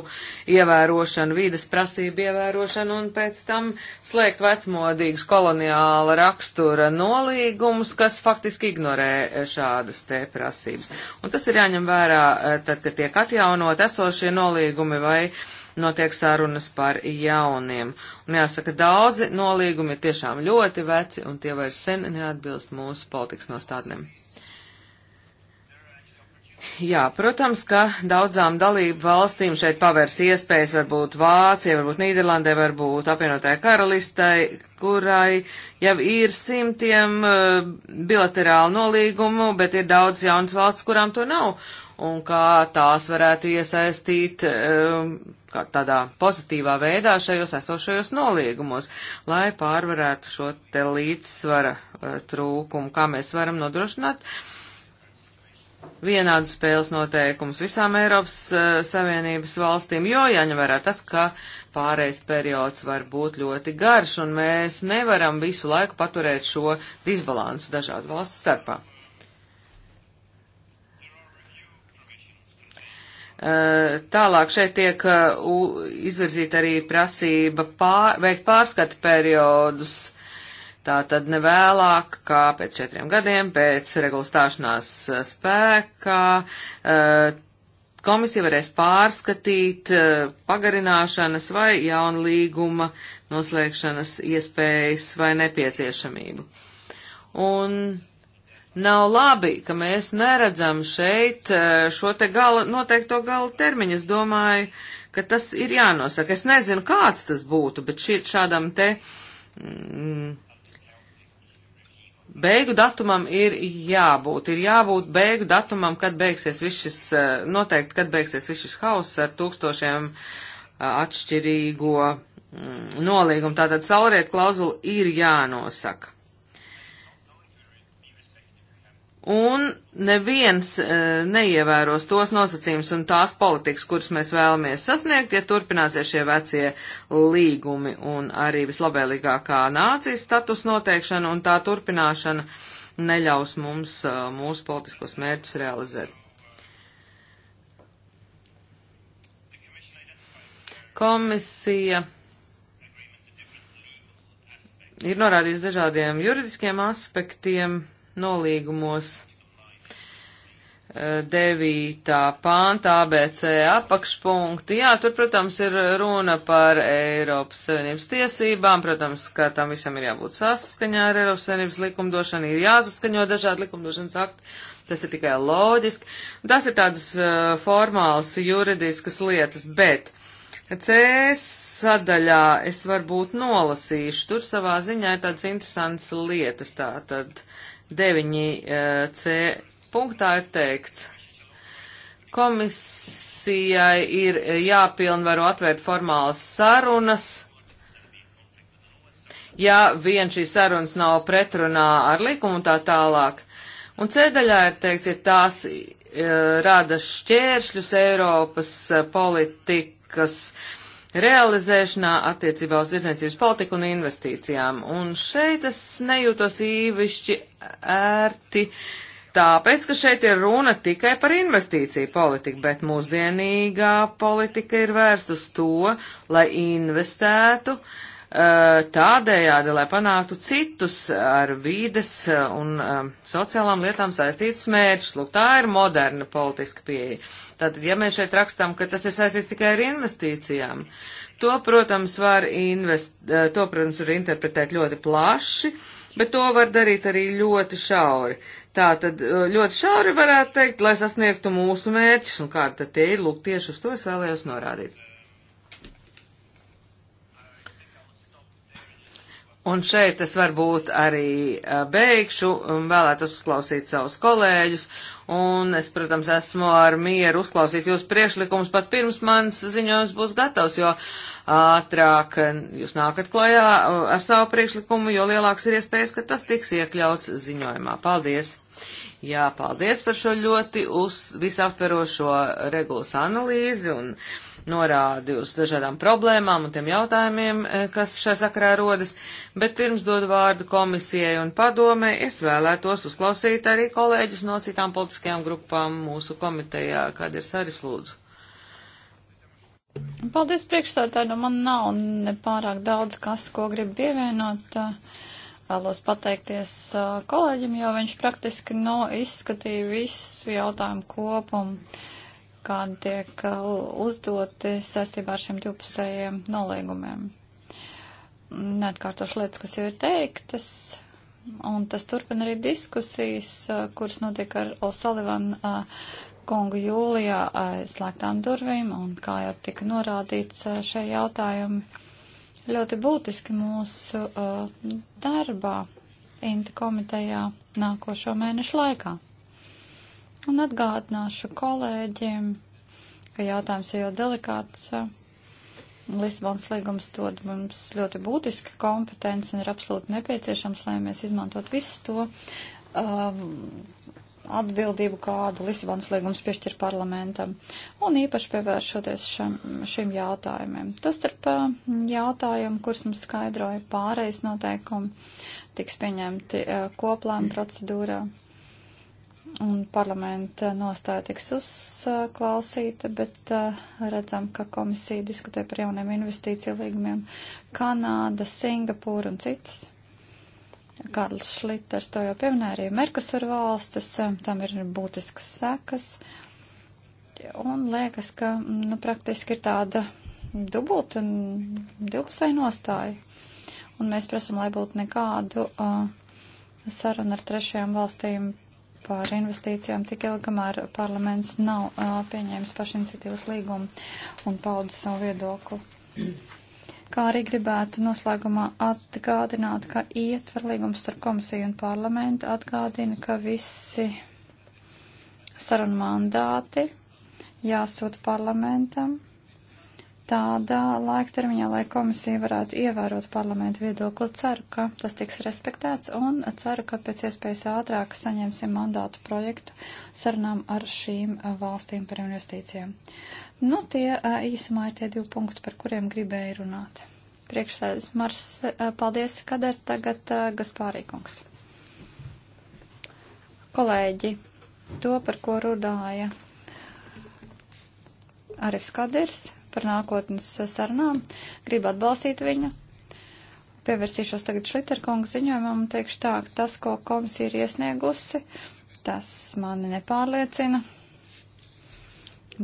ievērošanu, vīdes prasību ievērošanu un pēc tam slēgt vecmodīgas koloniāla rakstura nolīgumus, kas faktiski ignorē e, šādas te prasības. Un tas ir jāņem vērā e, tad, kad tiek atjaunot esošie nolīgumi vai uh, notiek sarunas par jauniem. Un jāsaka, daudzi nolīgumi ir tiešām ļoti veci, un tie vairs sen neatbilst mūsu politikas nostādnēm. Jā, protams, ka daudzām dalību valstīm šeit pavērs iespējas, varbūt Vācija, varbūt Nīderlandē, varbūt apvienotāja karalistai, kurai jau ir simtiem eh, bilaterālu nolīgumu, bet ir daudz jaunas valsts, kurām to nav un kā tās varētu iesaistīt um, tādā pozitīvā veidā šajos esošajos noliegumos, lai pārvarētu šo te līdzsvara uh, trūkumu, kā mēs varam nodrošināt vienādu spēles noteikumus visām Eiropas uh, Savienības valstīm, jo jāņem vērā tas, ka pārējais periods var būt ļoti garš, un mēs nevaram visu laiku paturēt šo disbalansu dažādu valstu starpā. Eh, tālāk šeit tiek eh, izvirzīta arī prasība pār, veikt pārskatu periodus, tātad nevēlāk kā pēc četriem gadiem pēc regulstāšanās eh, spēkā. Komisija varēs pārskatīt pagarināšanas vai jaunu līguma noslēgšanas iespējas vai nepieciešamību. Un Nav labi, ka mēs neredzam šeit eh, šo te gala, noteikto gala termiņu. Es domāju, ka tas ir jānosaka. Es nezinu, kāds tas būtu, bet šit šādam te mm, beigu datumam ir jābūt. Ir jābūt beigu datumam, kad beigsies viss šis, eh, noteikti, kad beigsies viss šis hauss ar tūkstošiem eh, atšķirīgo mm, nolīgumu. Tātad saulriet klauzula ir jānosaka. un neviens e, neievēros tos nosacījumus un tās politikas, kuras mēs vēlamies sasniegt, ja turpināsies šie vecie līgumi un arī vislabēlīgākā nācijas status noteikšana un tā turpināšana neļaus mums e, mūsu politiskos mērķus realizēt. Komisija ir norādījusi dažādiem juridiskiem aspektiem nolīgumos. 9. Eh, pānta ABC apakšpunkti. Jā, tur, protams, ir runa par Eiropas Savienības tiesībām, protams, ka tam visam ir jābūt saskaņā ar Eiropas Savienības likumdošanu, ir jāsaskaņo dažādi likumdošanas akti, tas ir tikai loģiski. Tas ir tādas uh, formālas juridiskas lietas, bet C sadaļā es varbūt nolasīšu, tur savā ziņā ir tādas interesantas lietas, tā tad 9c eh, punktā ir teikts, komisijai ir eh, jāpilnvaro atvērt formālas sarunas, ja vien šīs sarunas nav pretrunā ar likumu un tā tālāk. Un C daļā ir teikts, ja tās eh, rada šķēršļus Eiropas politikas realizēšanā attiecībā uz tirdzniecības politiku un investīcijām. Un šeit es nejūtos īvišķi ērti, tāpēc, ka šeit ir runa tikai par investīciju politiku, bet mūsdienīgā politika ir vērsta uz to, lai investētu uh, tādējādi, lai panāktu citus ar vīdes un sociālām lietām saistītus mērķus. Lūk, tā ir moderna politiska pieeja. Tātad, ja mēs šeit rakstām, ka tas ir saistīts tikai ar investīcijām, to, protams, var, invest, to, protams, var interpretēt ļoti plaši, bet to var darīt arī ļoti šauri. Tātad ļoti šauri varētu teikt, lai sasniegtu mūsu mērķus, un kāda tad tie ir, lūk, tieši uz to es vēlējos norādīt. Un šeit es varbūt arī beigšu un um, vēlētos uzklausīt savus kolēģus. Un es, protams, esmu ar mieru uzklausīt jūsu priekšlikumus pat pirms mans ziņojums būs gatavs, jo ātrāk jūs nākat klajā ar savu priekšlikumu, jo lielāks ir iespējas, ka tas tiks iekļauts ziņojumā. Paldies! Jā, paldies par šo ļoti uz visaptverošo regulas analīzi un uh, norādi uz dažādām problēmām un tiem jautājumiem, eh, kas šai sakarā rodas, bet pirms dodu vārdu komisijai un padomē, es vēlētos uzklausīt arī kolēģus no citām politiskajām grupām mūsu komitejā, kāda ir Sāris Lūdzu. Paldies priekšstādāju, nu man nav nepārāk daudz, kas, ko grib pievienot. Uh, Vēlos pateikties eh, kolēģim, jo viņš praktiski no izskatīja visu jautājumu kopumu kādi tiek uh, uzdoti saistībā ar šiem divpusējiem nolīgumiem. Neatkārtošu lietas, kas jau ir teiktas, un tas turpina arī diskusijas, uh, kuras notiek ar O'Sullivan uh, kungu jūlijā aizslēgtām durvīm, un kā jau tika norādīts šie jautājumi, ļoti būtiski mūsu darbā Inta komitejā nākošo mēnešu laikā. Un atgādināšu kolēģiem, ka jautājums ir jau delikāts. Lisabons līgums dod mums ļoti būtiska kompetence un ir absolūti nepieciešams, lai mēs izmantot visu to um, atbildību, kādu Lisabons līgums piešķir parlamentam, un īpaši pievēršoties šam, šim jautājumiem. Tostarp um, jautājumu, kurus mums skaidroja pārejas noteikumi, tiks pieņemti uh, koplēm procedūrā. Mm un parlamenta nostāja tiks uzklausīta, bet uh, redzam, ka komisija diskutē par jauniem investīciju līgumiem Kanāda, Singapūra un citas. Kārlis Šliters to jau pieminēja, arī Merkusur valstis, eh, tam ir būtiskas sekas. Un liekas, ka mm, nu, praktiski ir tāda dubulta un divpusēja nostāja. Un mēs prasam, lai būtu nekādu uh, sarunu ar trešajām valstīm par investīcijām tik ilgi, kamēr parlaments nav uh, pieņēmis pašiniciatīvas līgumu un pauda savu viedokli. Kā arī gribētu noslēgumā atgādināt, ka ietver līgums starp komisiju un parlamentu atgādina, ka visi sarunu mandāti jāsūta parlamentam tādā laiktermiņā, lai komisija varētu ievērot parlamentu viedokli. Ceru, ka tas tiks respektēts un ceru, ka pēc iespējas ātrāk saņemsim mandātu projektu sarunām ar šīm valstīm par investīcijām. Nu, tie īsumā ir tie divi punkti, par kuriem gribēju runāt. Priekšsēdus Mars, paldies, Kader, tagad Gaspārīkungs. Kolēģi, to, par ko runāja Arifs Kadirs, par nākotnes sarunām. Gribu atbalstīt viņu. Pievērsīšos tagad Šliterkungu ziņojumam un teikšu tā, ka tas, ko komisija ir iesniegusi, tas mani nepārliecina.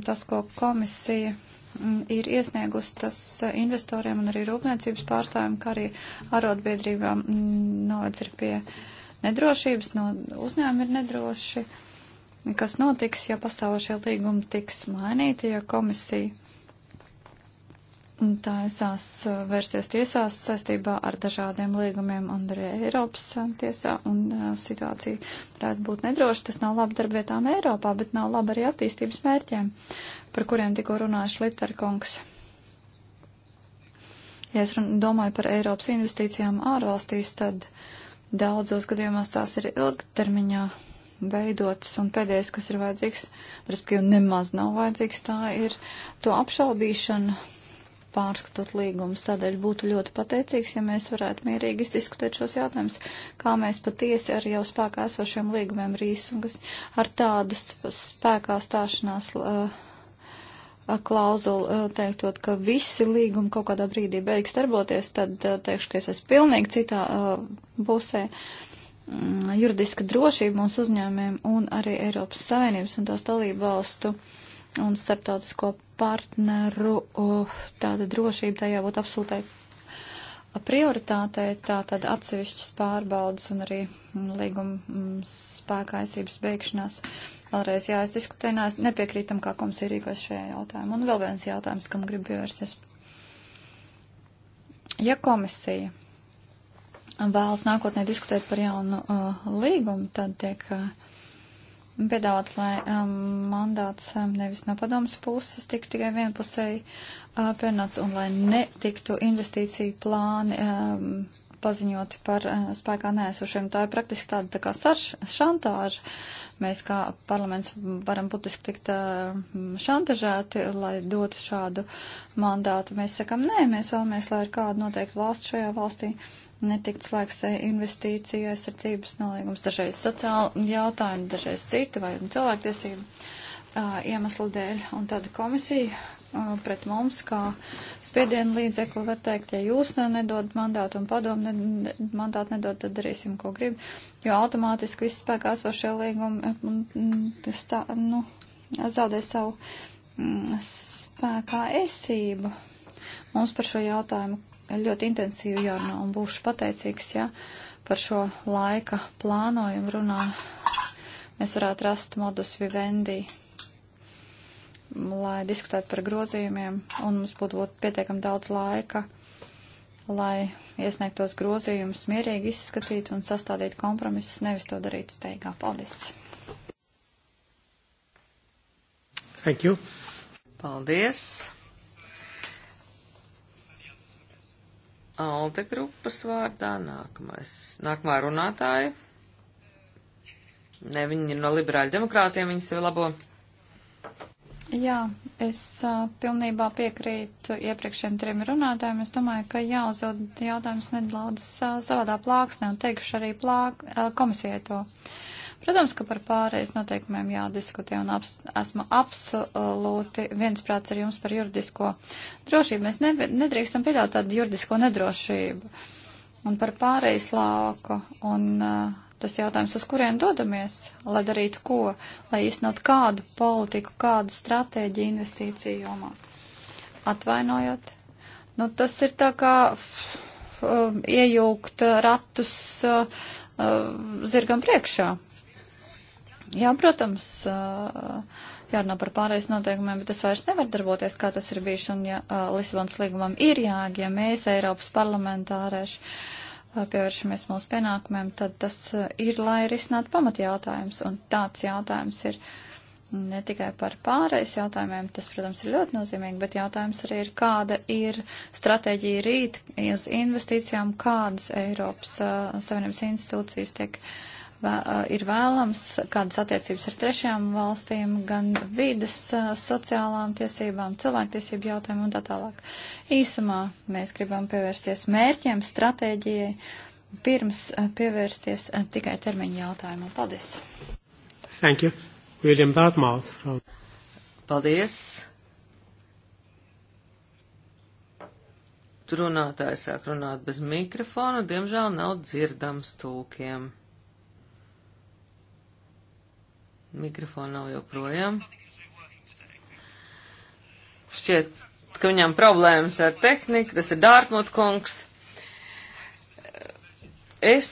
Tas, ko komisija mm, ir iesniegusi tas eh, investoriem un arī rūpniecības pārstāvjiem, kā arī arotbiedrībām mm, novec ir pie nedrošības, no uzņēmumi ir nedroši. Kas notiks, ja pastāvošie līgumi tiks mainīti, ja komisija taisās uh, vērsties tiesās saistībā ar dažādiem līgumiem un arī Eiropas uh, tiesā, un uh, situācija varētu būt nedroša. Tas nav labi darbietām Eiropā, bet nav labi arī attīstības mērķiem, par kuriem tikko runāja Šliterkungs. Ja es domāju par Eiropas investīcijām ārvalstīs, tad daudzos gadījumos tās ir ilgtermiņā veidotas, un pēdējais, kas ir vajadzīgs, respektīvi nemaz nav vajadzīgs, tā ir to apšaubīšana pārskatot līgumus. Tādēļ būtu ļoti pateicīgs, ja mēs varētu mierīgi izdiskutēt šos jautājumus, kā mēs patiesi ar jau spēkā esošiem līgumiem rīsungas, ar tādu spēkā stāšanās. Uh, klauzulu uh, teiktot, ka visi līgumi kaut kādā brīdī beigs darboties, tad uh, teikšu, ka es esmu pilnīgi citā uh, pusē. Um, juridiska drošība mūsu uzņēmumiem un arī Eiropas Savienības un tās dalību valstu un starptautisko partneru tāda drošība tajā būtu absolūtai prioritātei, tā tad atsevišķas pārbaudas un arī līguma mm, spēkā aizsības beigšanās. Vēlreiz jāizdiskutē, nepiekrītam, kā komisija rīkojas šajā jautājumā. Un vēl viens jautājums, kam gribu pievērsties. Ja komisija vēlas nākotnē diskutēt par jaunu uh, līgumu, tad tiek uh, piedāvāts, lai um, mandāts um, nevis no padomas puses tiktu tikai vienpusēji uh, pienāts un lai netiktu investīciju plāni um, paziņoti par eh, spēkā nēsušiem. Tā ir praktiski tāda tā kā sarš, šantāža. Mēs kā parlaments varam būtiski tikt eh, šantažēti, lai dotu šādu mandātu. Mēs sakam, nē, mēs vēlamies, lai ir kāda noteikta valsts šajā valstī netikt slēgts eh, investīcija aizsardzības nolīgums, dažreiz sociāli jautājumi, dažreiz citu vai cilvēktiesību iemeslu dēļ. Un tad komisija, pret mums, kā spiedienu līdzekli, var teikt, ja jūs nedod mandātu un padomu ne, mandātu nedod, tad darīsim, ko grib, jo automātiski viss spēkā esošie līgumi stā, nu, zaudē savu mm, spēkā esību. Mums par šo jautājumu ļoti intensīvi jārunā un būšu pateicīgs, ja par šo laika plānojumu runā. Mēs varētu rast modus vivendi lai diskutētu par grozījumiem, un mums būtu, būtu pietiekami daudz laika, lai iesniegtos grozījumus mierīgi izskatītu un sastādītu kompromisus, nevis to darītu steigā. Paldies! Thank you. Paldies! Alde grupas vārdā nākamais. Nākamā runātāja. Ne, viņi ir no liberāļu demokrātiem, viņi sevi labo. Jā, es uh, pilnībā piekrītu iepriekšējiem trim runātājiem. Es domāju, ka jāuzdod jautājums nedaudz uh, savādā plāksnē un teikšu arī plāk, uh, komisijai to. Protams, ka par pārējais noteikumiem jādiskutē un abs, esmu absolūti viensprāts ar jums par juridisko drošību. Mēs ne, nedrīkstam pieļaut tādu juridisko nedrošību. Un par pārējais lauku un uh, Tas jautājums, uz kurien dodamies, lai darītu ko, lai īstenot kādu politiku, kādu stratēģiju investīciju jomā. Atvainojot. Nu, tas ir tā kā uh, iejūgt ratus uh, uh, zirgam priekšā. Jā, protams, uh, jārunā par pārējais noteikumiem, bet tas vairs nevar darboties, kā tas ir bijis, un ja uh, Lisabons līgumam ir jāgie, ja mēs, Eiropas parlamentārieši, pievēršamies mūsu pienākumiem, tad tas eh, ir, lai risinātu pamatjautājums. Un tāds jautājums ir ne tikai par pārējais jautājumiem, tas, protams, ir ļoti nozīmīgi, bet jautājums arī ir, kāda ir stratēģija rīt uz investīcijām, kādas Eiropas uh, Savienības institūcijas tiek uh, ir vēlams, kādas attiecības ar trešajām valstīm, gan vidas, sociālām tiesībām, cilvēktiesību jautājumu un tā tālāk. Īsumā mēs gribam pievērsties mērķiem, stratēģijai, pirms pievērsties tikai termiņu jautājumam. Paldies! Thank you. William Dartmouth. From... Paldies! Runātājs sāk runāt bez mikrofona, diemžēl nav dzirdams tūkiem. Mikrofona nav joprojām. Šķiet, ka viņam problēmas ar tehniku, tas ir Dārtmut kungs. Es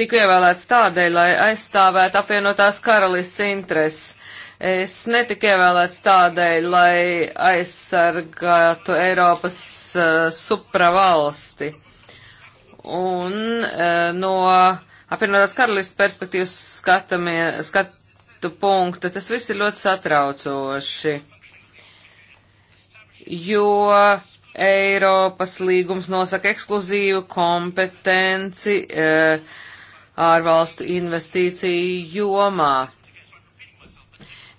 tiku ievēlēts tādēļ, lai aizstāvētu apvienotās karalists intereses. Es netiku ievēlēts tādēļ, lai aizsargātu Eiropas uh, supravalsti. Un uh, no uh, apvienotās karalistas perspektīvas skatu punktu, tas viss ir ļoti satraucoši, jo Eiropas līgums nosaka ekskluzīvu kompetenci e, ārvalstu investīciju jomā.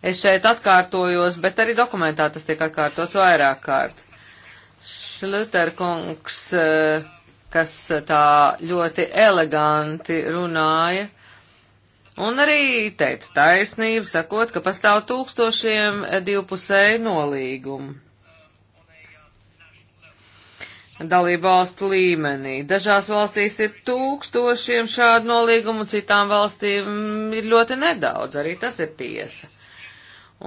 Es šeit atkārtojos, bet arī dokumentā tas tiek atkārtots vairāk kārt. Šluterkungs uh, kas tā ļoti eleganti runāja. Un arī teica taisnību, sakot, ka pastāv tūkstošiem divpusēju nolīgumu. Dalību valstu līmenī. Dažās valstīs ir tūkstošiem šādu nolīgumu, citām valstīm ir ļoti nedaudz, arī tas ir tiesa.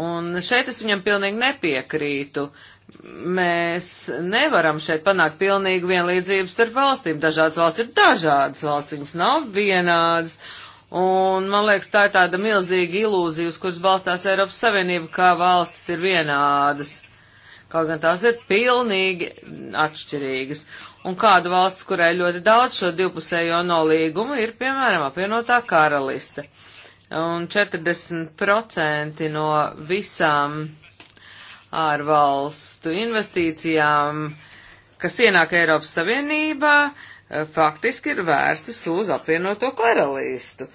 Un šeit es viņam pilnīgi nepiekrītu. Uh, mēs nevaram šeit panākt pilnīgu vienlīdzību starp valstīm. Dažādas valsts ir dažādas valsts, viņas nav vienādas. Un, man liekas, tā ir tāda milzīga ilūzija, uz kuras balstās Eiropas Savienība, kā valstis ir vienādas. Kaut gan tās ir pilnīgi atšķirīgas. Un kāda valsts, kurai ļoti daudz šo divpusējo nolīgumu, ir, piemēram, apvienotā karaliste. Un 40% no visām ārvalstu investīcijām, kas ienāk Eiropas Savienībā, eh, faktiski ir vērstas uz apvienoto karalīstu.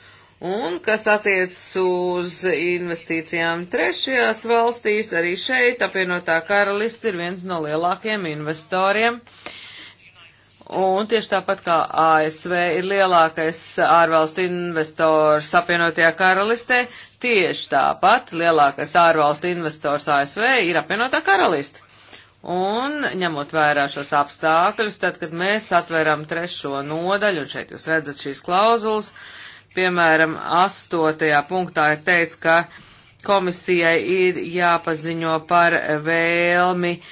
Un kas attiecas uz investīcijām trešajās valstīs, arī šeit apvienotā karaliste ir viens no lielākajiem investoriem uh, Un tieši tāpat kā ASV ir lielākais ārvalstu investors apvienotajā karalistē, tieši tāpat lielākais ārvalstu investors ASV ir apvienotā karaliste. Un ņemot vērā šos apstākļus, tad, kad mēs atveram trešo nodaļu, un šeit jūs redzat šīs klauzulas, piemēram, astotajā punktā ir teikts, ka uh, komisijai ir jāpaziņo par vēlmi uh,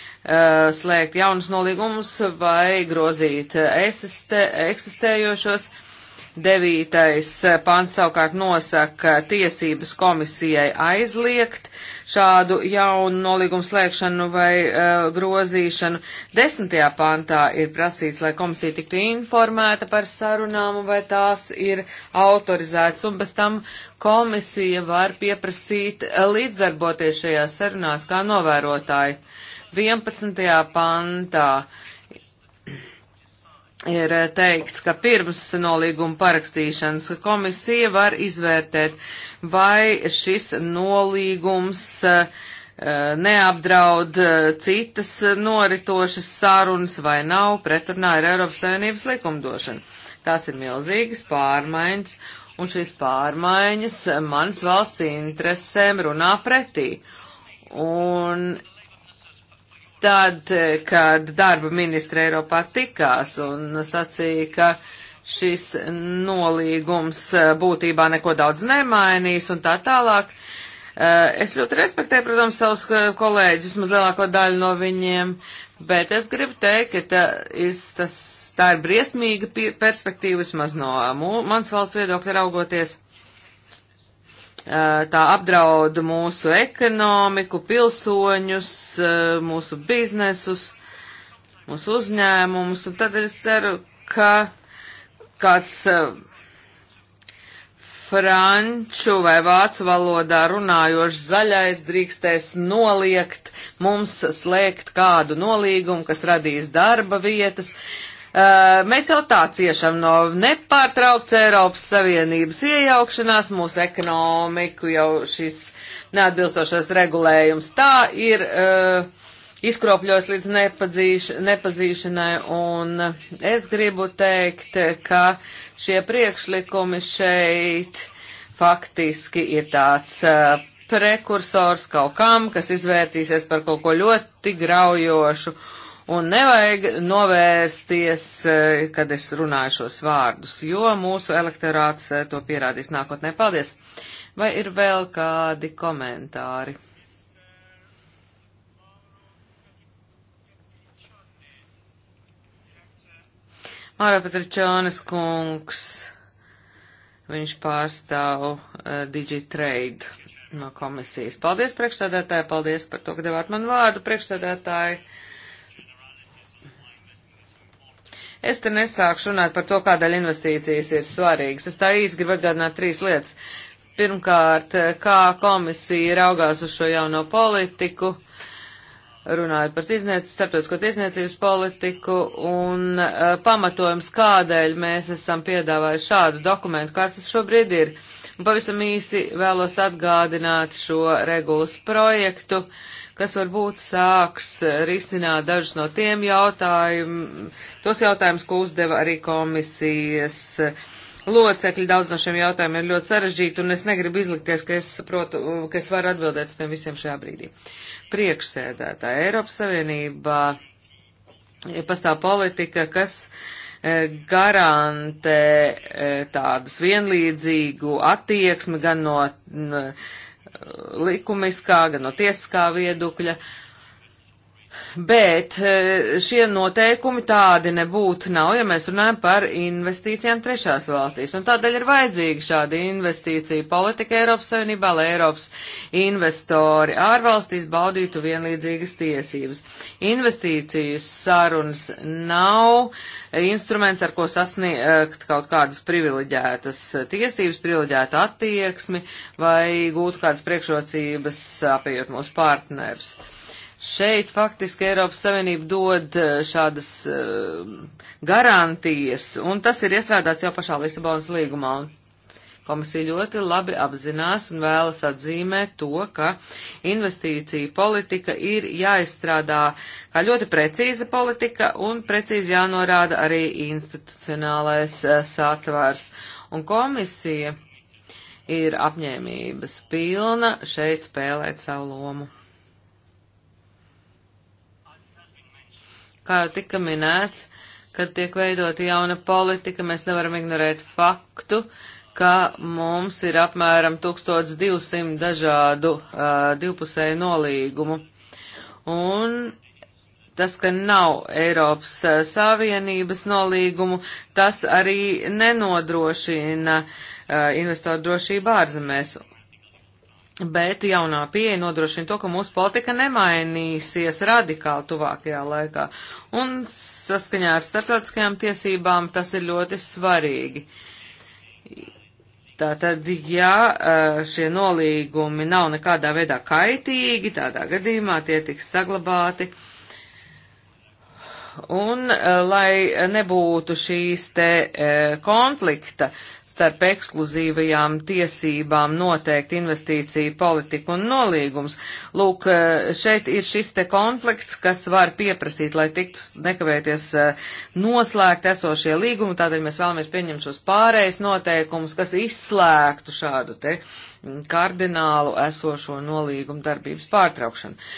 slēgt jaunus nolīgumus vai grozīt eksistē, eh, eksistējošos. Uh, Devītais eh, pants savukārt nosaka tiesības komisijai aizliegt šādu jaunu nolīgumu slēgšanu vai uh, grozīšanu. Desmitajā pantā ir prasīts, lai komisija tiktu informēta par sarunām vai tās ir autorizētas, un pēc tam komisija var pieprasīt eh, līdzdarboties šajās sarunās kā novērotāji. 11. pantā uh, ir eh, teikts, ka pirms nolīguma parakstīšanas komisija var izvērtēt, vai šis nolīgums eh, neapdraud eh, citas noritošas sarunas vai nav pretrunā ar Eiropas Savienības likumdošanu. Tās ir milzīgas pārmaiņas, un šīs pārmaiņas manas valsts interesēm runā pretī. Un tad, kad darba ministra Eiropā tikās un sacīja, ka šis nolīgums eh, būtībā neko daudz nemainīs un tā tālāk. Eh, es ļoti respektēju, protams, savus eh, kolēģus, vismaz lielāko daļu no viņiem, bet es gribu teikt, ka tā, es, tas, tā ir briesmīga perspektīva, vismaz no mans valsts viedokļa raugoties tā apdraud mūsu ekonomiku, pilsoņus, mūsu biznesus, mūsu uzņēmumus, un tad es ceru, ka kāds franču vai vācu valodā runājošs zaļais drīkstēs noliegt mums slēgt kādu nolīgumu, kas radīs darba vietas, uh, Eh, mēs jau tā ciešam no nepārtraukts Eiropas Savienības iejaukšanās, mūsu ekonomiku jau šis neatbilstošais regulējums tā ir uh, eh, izkropļos līdz nepazīš, nepazīšanai, un es gribu teikt, ka šie priekšlikumi šeit faktiski ir tāds uh, prekursors kaut kam, kas izvērtīsies par kaut ko ļoti graujošu Un nevajag novērsties, eh, kad es runāju šos vārdus, jo mūsu elektorāts eh, to pierādīs nākotnē. Paldies! Vai ir vēl kādi komentāri? Māra Petričānis kungs, viņš pārstāv uh, Digitrade no komisijas. Paldies, priekšsēdētāji, paldies par to, ka devāt man vārdu, priekšsēdētāji. Uh, Es te nesākšu runāt par to, kādēļ investīcijas ir svarīgas. Es tā īsti gribu atgādināt trīs lietas. Pirmkārt, kā komisija raugās uz šo jauno politiku, runājot par tirdzniecības, starptautisko tirdzniecības politiku un uh, pamatojums, kādēļ mēs esam piedāvājuši šādu dokumentu, kāds tas šobrīd ir. Un pavisam īsi vēlos atgādināt šo regulas projektu. Uh, kas varbūt sāks risināt dažus no tiem jautājumiem, tos jautājumus, ko uzdeva arī komisijas locekļi. Daudz no šiem jautājumiem ir ļoti sarežģīti, un es negribu izlikties, ka es saprotu, ka es varu atbildēt uz tiem visiem šajā brīdī. Priekšsēdētāja Eiropas Savienībā pastāv politika, kas e, garantē e, tādas vienlīdzīgu attieksmi gan no Uh, likumiskā, gan no tiesiskā viedokļa, uh, Bet e, šie noteikumi tādi nebūtu nav, ja mēs runājam par investīcijām trešās valstīs. Un tādēļ ir vajadzīga šāda investīcija politika Eiropas Savienībā, lai Eiropas investori ārvalstīs baudītu vienlīdzīgas tiesības. Investīcijas sarunas nav instruments, ar ko sasniegt kaut kādas privileģētas tiesības, privileģētu attieksmi vai gūt kādas priekšrocības, apējot mūsu partnerus. Šeit faktiski Eiropas Savienība dod eh, šādas uh, garantijas, un tas ir iestrādāts jau pašā Lisabonas līgumā. Komisija ļoti labi apzinās un vēlas atzīmēt to, ka investīcija politika ir jāizstrādā kā ļoti precīza politika un precīzi jānorāda arī institucionālais uh, eh, satvars. Un komisija ir apņēmības pilna šeit spēlēt savu lomu. kā tika minēts, kad tiek veidota jauna politika, mēs nevaram ignorēt faktu, ka mums ir apmēram 1200 dažādu uh, divpusēju nolīgumu. Un tas, ka nav Eiropas Savienības nolīgumu, tas arī nenodrošina uh, investoru drošību ārzemēs. Bet jaunā pieeja nodrošina to, ka mūsu politika nemainīsies radikāli tuvākajā laikā. Un saskaņā ar starptautiskajām tiesībām tas ir ļoti svarīgi. Tātad, ja eh, šie nolīgumi nav nekādā veidā kaitīgi, tādā gadījumā tie tiks saglabāti. Un, eh, lai nebūtu šīs te eh, konflikta, starp ekskluzīvajām tiesībām noteikt investīciju politiku un nolīgums. Lūk, e, šeit ir šis te konflikts, kas var pieprasīt, lai tiktu nekavēties e, noslēgt esošie līgumi, tādēļ mēs vēlamies pieņemt šos pārējais noteikumus, kas izslēgtu šādu te kardinālu esošo nolīgumu darbības pārtraukšanu.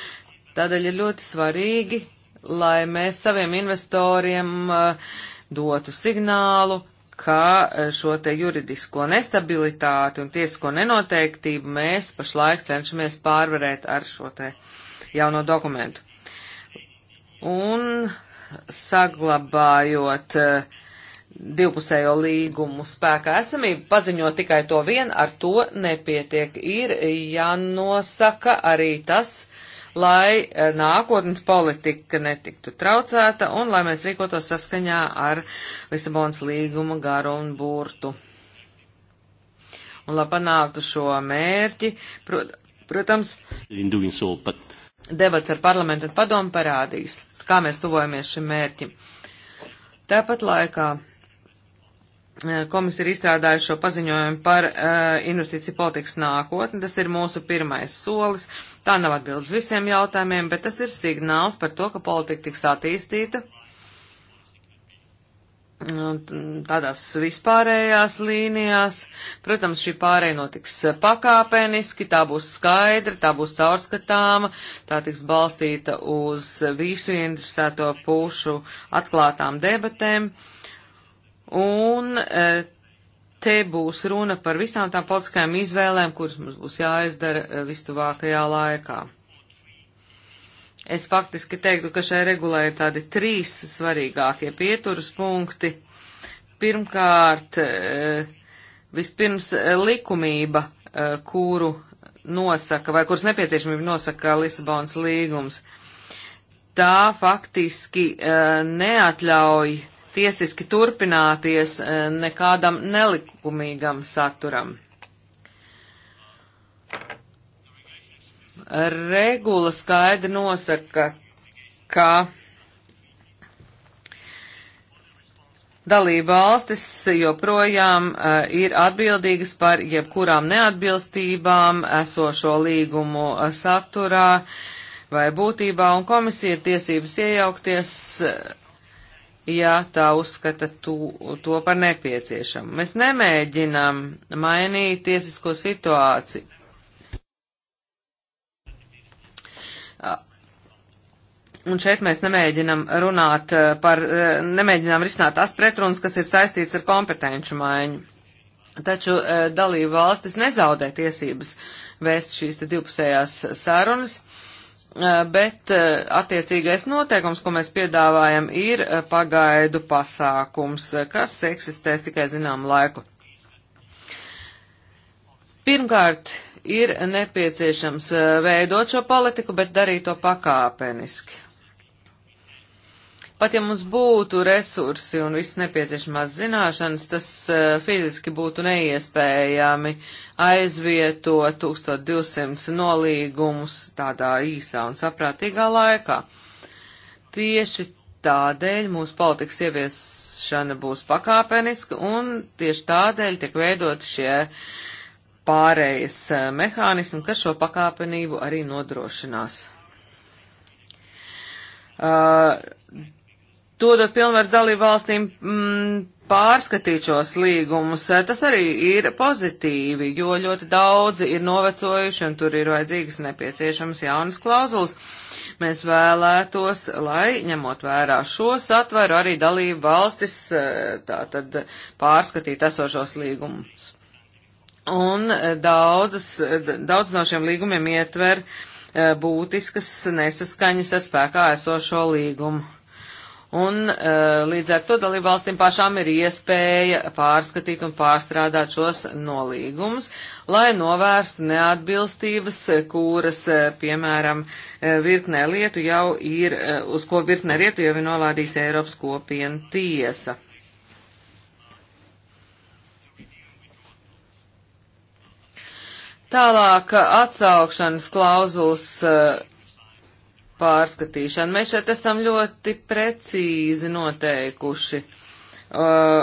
Tādēļ ir ļoti svarīgi, lai mēs saviem investoriem uh, dotu signālu, ka eh, šo te juridisko nestabilitāti un tiesisko nenoteiktību mēs pašlaik cenšamies pārvarēt ar šo te jauno dokumentu. Un saglabājot eh, divpusējo līgumu spēkā esamību, paziņot tikai to vien, ar to nepietiek. Ir jānosaka arī tas, lai eh, nākotnes politika netiktu traucēta un lai mēs rīkotos saskaņā ar Lisabonas līguma garu un burtu. Un lai panāktu šo mērķi, prot, protams, so, but... debats ar parlamentu un padomu parādīs, kā mēs tuvojamies šim mērķim. Tāpat laikā eh, komisija ir izstrādājusi šo paziņojumu par uh, investīciju politikas nākotni. Tas ir mūsu pirmais solis. Uh, Tā nav atbildes visiem jautājumiem, bet tas ir signāls par to, ka politika tiks attīstīta nu, tādās vispārējās līnijās. Protams, šī pārēja notiks pakāpeniski, tā būs skaidra, tā būs caurskatāma, tā tiks balstīta uz visu interesēto pušu atklātām debatēm. Un eh, te būs runa par visām tām politiskajām izvēlēm, kuras mums būs jāizdara eh, vistuvākajā laikā. Es faktiski teiktu, ka šai regulē ir tādi trīs svarīgākie pieturas punkti. Pirmkārt, eh, vispirms eh, likumība, kuru nosaka, vai kuras nepieciešamību nosaka Lisabonas līgums. Tā faktiski neatļauj tiesiski turpināties e, nekādam nelikumīgam saturam. Regula skaidri nosaka, ka dalība valstis joprojām e, ir atbildīgas par jebkurām neatbilstībām esošo līgumu e, saturā vai būtībā, un komisija ir tiesības iejaukties ja tā uzskata tu, to par nepieciešamu. Mēs nemēģinām mainīt tiesisko situāciju. Un šeit mēs nemēģinam runāt e, par, e, nemēģinām risināt tās pretrunas, kas ir saistīts ar kompetenču maiņu. Taču e, dalību valstis nezaudē tiesības vēst šīs divpusējās sarunas Eh, bet eh, attiecīgais noteikums, ko mēs piedāvājam, ir eh, pagaidu pasākums, kas eksistēs tikai zinām laiku. Pirmkārt, ir nepieciešams veidot šo politiku, bet darīt to pakāpeniski. Pat ja mums būtu resursi un viss nepieciešamās zināšanas, tas eh, fiziski būtu neiespējami aizvietot 1200 nolīgumus tādā īsā un saprātīgā laikā. Tieši tādēļ mūsu politikas ieviešana būs pakāpeniska un tieši tādēļ tiek veidot šie pārējas eh, mehānismi, kas šo pakāpenību arī nodrošinās. Uh, dodot pilnvars dalību valstīm mm, pārskatīt šos līgumus. Eh, tas arī ir pozitīvi, jo ļoti daudzi ir novecojuši un tur ir vajadzīgas nepieciešamas jaunas klauzulas. Mēs vēlētos, lai ņemot vērā šo satveru arī dalību valstis eh, tātad pārskatīt esošos līgumus. Un eh, daudzas, daudz no šiem līgumiem ietver būtiskas nesaskaņas ar spēkā esošo līgumu. Un eh, līdz ar to dalībvalstīm pašām ir iespēja pārskatīt un pārstrādāt šos nolīgumus, lai novērstu neatbilstības, kuras, eh, piemēram, eh, virknē lietu jau ir, uz ko virknē lietu jau ir nolādījis Eiropas kopiena tiesa. Tālāk atsaukšanas klauzulas pārskatīšanu. Mēs šeit esam ļoti precīzi noteikuši, uh,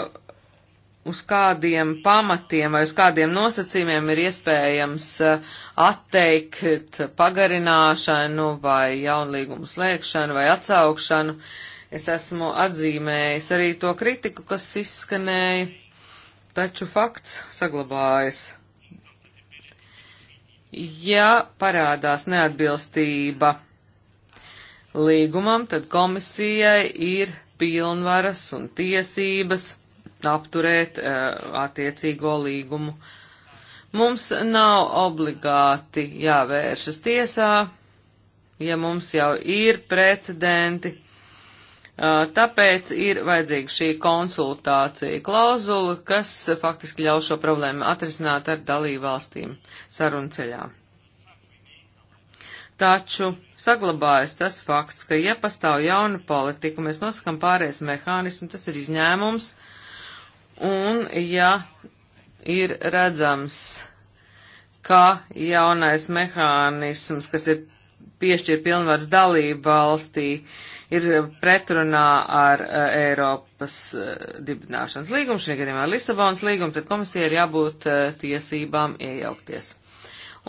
uz kādiem pamatiem vai uz kādiem nosacījumiem ir iespējams uh, atteikt pagarināšanu vai jaunlīgumu slēgšanu vai atsaukšanu. Es esmu atzīmējis arī to kritiku, kas izskanēja, taču fakts saglabājas. Ja parādās neatbilstība līgumam, tad komisijai ir pilnvaras un tiesības apturēt e, attiecīgo līgumu. Mums nav obligāti jāvēršas tiesā, ja mums jau ir precedenti, e, tāpēc ir vajadzīga šī konsultācija klauzula, kas faktiski ļauj šo problēmu atrisināt ar dalību valstīm sarunu ceļā. Taču saglabājas tas fakts, ka, ja pastāv jauna politika, mēs nosakam pārējais mehānismu, tas ir izņēmums, un, ja ir redzams, ka jaunais mehānisms, kas ir piešķir pilnvars dalību valstī, ir pretrunā ar uh, Eiropas uh, dibināšanas līgumu, šī gadījumā Lisabonas līgumu, tad komisija ir jābūt uh, tiesībām iejaukties.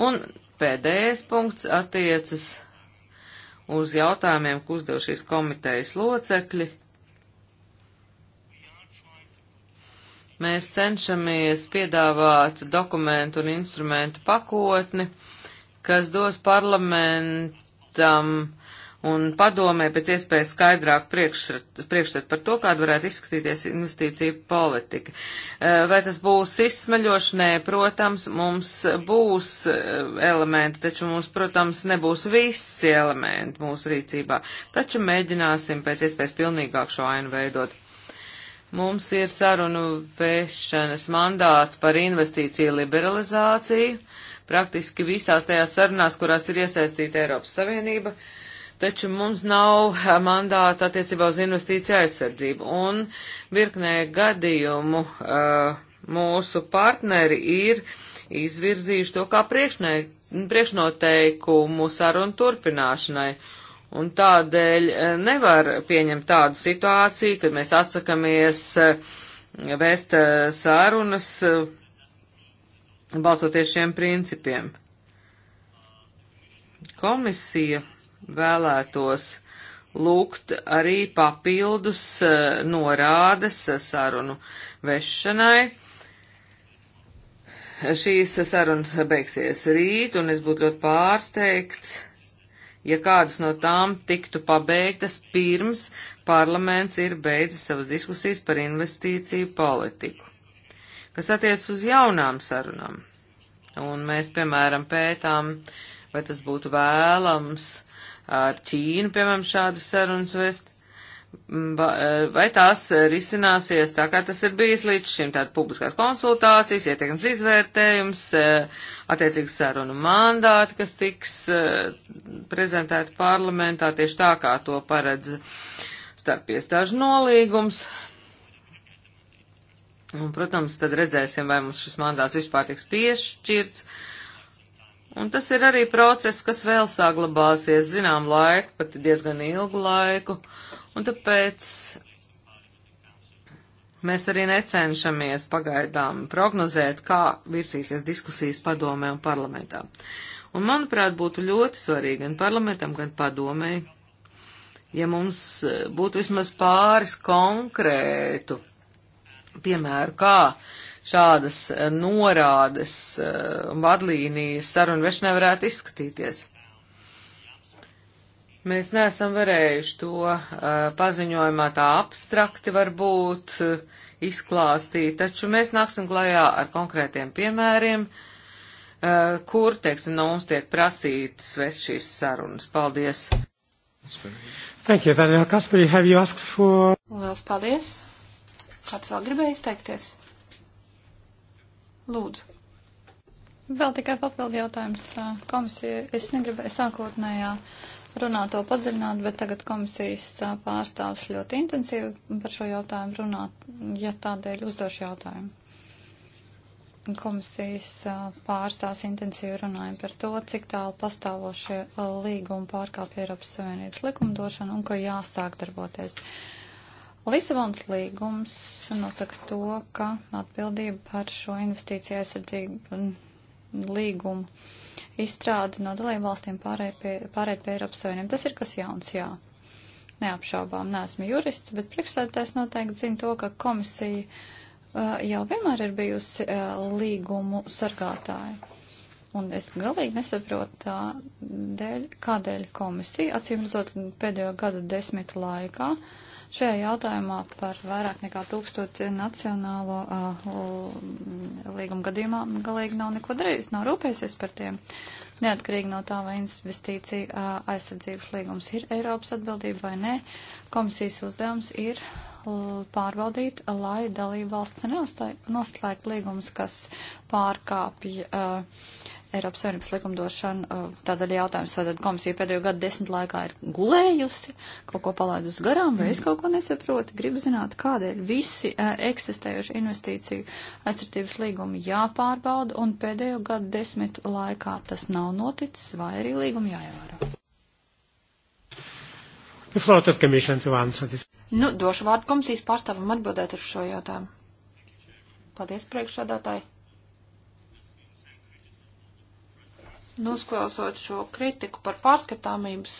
Un pēdējais punkts attiecas uz jautājumiem, ko uzdev šīs komitejas locekļi. Mēs cenšamies piedāvāt dokumentu un instrumentu pakotni, kas dos parlamentam un padomē pēc iespējas skaidrāk priekšstat par to, kāda varētu izskatīties investīcija politika. Eh, vai tas būs izsmeļošanē? Protams, mums būs eh, elementi, taču mums, protams, nebūs visi elementi mūsu rīcībā. Taču mēģināsim pēc iespējas pilnīgāk šo ainu veidot. Mums ir sarunu vēšanas mandāts par investīciju liberalizāciju. Praktiski visās tajās sarunās, kurās ir iesaistīta Eiropas Savienība, uh, taču mums nav eh, mandāta attiecībā uz investīciju aizsardzību. Un virknē gadījumu uh, mūsu partneri ir izvirzījuši to kā priekšnē, priekšnoteikumu sarunu turpināšanai. Un tādēļ eh, nevar pieņemt tādu situāciju, kad mēs atsakamies vēst sarunas balstoties šiem principiem. Komisija vēlētos lūgt arī papildus eh, norādes eh, sarunu vešanai. Šīs sarunas beigsies rīt, un es būtu ļoti pārsteigts, ja kādas no tām tiktu pabeigtas pirms parlaments ir beidzis savas diskusijas par investīciju politiku. Kas attiec uz jaunām sarunām, un mēs, piemēram, pētām, vai tas būtu vēlams, uh, ar Ķīnu, piemēram, šādas sarunas vest, mm, eh, vai tās eh, risināsies tā, kā tas ir bijis līdz šim, tātad publiskās konsultācijas, ieteikums izvērtējums, eh, attiecīgs sarunu mandāti, kas tiks prezentēti parlamentā tieši tā, kā to paredz starp iestāžu nolīgums, Un, protams, tad redzēsim, vai mums šis mandāts vispār tiks piešķirts, Un tas ir arī process, kas vēl saglabāsies zinām laiku, pat diezgan ilgu laiku, un tāpēc mēs arī necenšamies pagaidām prognozēt, kā virsīsies diskusijas padomē un parlamentā. Un, manuprāt, būtu ļoti svarīgi gan parlamentam, gan padomēji, ja mums eh, būtu vismaz pāris konkrētu piemēru, kā šādas eh, norādes un eh, vadlīnijas sarunvešanai varētu izskatīties. Mēs neesam varējuši to uh, paziņojumā tā abstrakti varbūt uh, izklāstīt, taču mēs nāksim klajā ar konkrētiem piemēriem, uh, kur, teiksim, no mums tiek prasītas vest šīs sarunas. Paldies! Thank you, Daniel Kasperi, have you asked for... Lielas paldies! Kāds vēl gribēja izteikties? Lūdzu. Vēl tikai papildu jautājums komisijai. Es negribēju sākotnējā runā to padziļināt, bet tagad komisijas pārstāvs ļoti intensīvi par šo jautājumu runāt, ja tādēļ uzdošu jautājumu. Komisijas pārstāvs intensīvi runāja par to, cik tālu pastāvošie līgumi pārkāpja Eiropas Savienības likumdošanu un ka jāsāk darboties. Uh, Lisabons līgums nosaka to, ka atbildība par šo investīciju aizsardzību līgumu izstrādi no dalību valstīm pārēt pie, pārēt pie Eiropas Savienības. Tas ir kas jauns, jā. Neapšaubām, neesmu jurists, bet priekšstādātājs noteikti zina to, ka komisija uh, jau vienmēr ir bijusi uh, līgumu sargātāja. Un es galīgi nesaprotu tā dēļ, kādēļ komisija, acīm redzot, pēdējo gadu desmitu laikā, uh, Šajā jautājumā par vairāk nekā tūkstot nacionālo uh, līgumu gadījumā galīgi nav neko darījis, nav rūpējusies par tiem. Neatkarīgi no tā, vai investīcija uh, aizsardzības līgums ir Eiropas atbildība vai nē, komisijas uzdevums ir pārbaudīt, lai dalība valsts neslēgtu līgumus, kas pārkāpj uh, Eiropas Savienības likumdošana. Uh, Tādēļ jautājums, vai tad komisija pēdējo gadu desmit laikā ir gulējusi, kaut ko palaidusi garām, vai es mm. kaut ko nesaprotu? Gribu zināt, kādēļ visi uh, eksistējuši investīciju aizsardzības līgumi jāpārbauda, un pēdējo gadu desmit laikā tas nav noticis, vai arī līgumi jāievēro. Nu, nu došu vārdu komisijas pārstāvam atbildēt uz šo jautājumu. Paldies, priekšsādātāji! Nusklausot šo kritiku par pārskatāmības,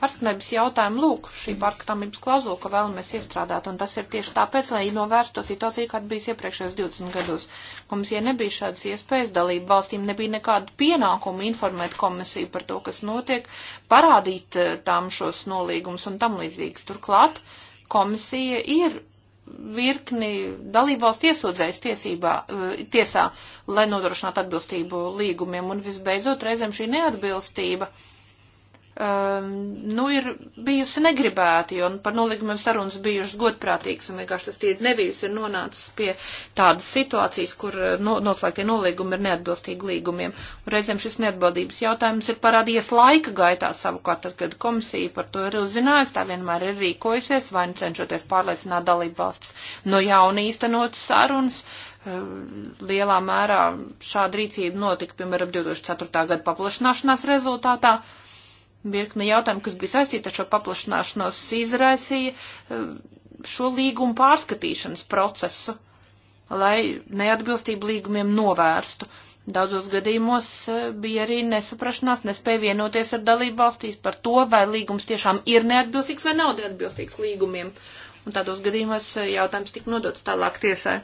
pārskatāmības jautājumu, lūk, šī pārskatāmības klauzula, ko vēlamies iestrādāt, un tas ir tieši tāpēc, lai novērstu to situāciju, kāda bija iepriekšējos 20 gados. Komisija nebija šādas iespējas, dalību valstīm nebija nekādu pienākumu informēt komisiju par to, kas notiek, parādīt eh, tām šos nolīgumus un tam līdzīgs. Turklāt komisija ir virkni dalībvalstu iesūdzējis tiesībā, eh, tiesā, lai nodrošinātu atbilstību līgumiem. Un visbeidzot, reizēm šī neatbilstība uh, um, nu, ir bijusi negribēta, jo par nolīgumiem sarunas bijušas godprātīgas, un vienkārši tas tīri nevis ir nonācis pie tādas situācijas, kur uh, no, noslēgtie nolīgumi ir neatbilstīgi līgumiem. Un reizēm šis neatbildības jautājums ir parādījies laika gaitā savukārt, tad, kad komisija par to ir uzzinājusi, tā vienmēr ir rīkojusies, vai nu cenšoties pārliecināt dalību valsts no jauna īstenot sarunas, uh, lielā mērā šāda rīcība notika, piemēram, 2004. gada paplašanāšanās rezultātā virkni jautājumu, kas bija saistīta ar šo paplašināšanos, izraisīja eh, šo līgumu pārskatīšanas procesu, lai neatbilstību līgumiem novērstu. Daudzos gadījumos eh, bija arī nesaprašanās, nespēja vienoties ar dalību valstīs par to, vai līgums tiešām ir neatbilstīgs vai nav neatbilstīgs līgumiem. Un tādos gadījumos eh, jautājums tika nodots tālāk tiesai.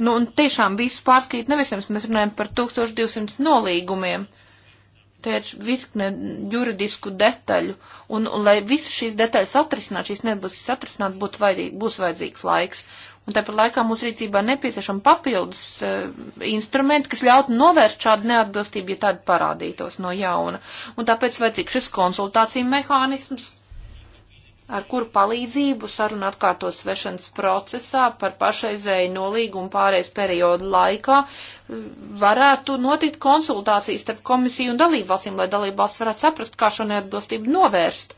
Nu, un tiešām visu pārskatīt nevis jums, mēs runājam par 1200 nolīgumiem. Uh, Te ir virkne juridisku detaļu, un, un lai visas šīs detaļas atrisināt, šīs nebūs atrisināt, būtu vajadzīg, būs vajadzīgs laiks. Un tāpat laikā mūsu rīcībā nepieciešama papildus uh, instrumenti, kas ļautu novērst šādu neatbilstību, ja tāda parādītos no jauna. Un tāpēc vajadzīgs šis konsultāciju mehānisms, ar kuru palīdzību saruna atkārtot svešanas procesā par pašreizēju nolīgumu pārējais periodu laikā varētu notikt konsultācijas starp komisiju un dalībvalstīm, lai dalībvalsts varētu saprast, kā šo neatbilstību novērst.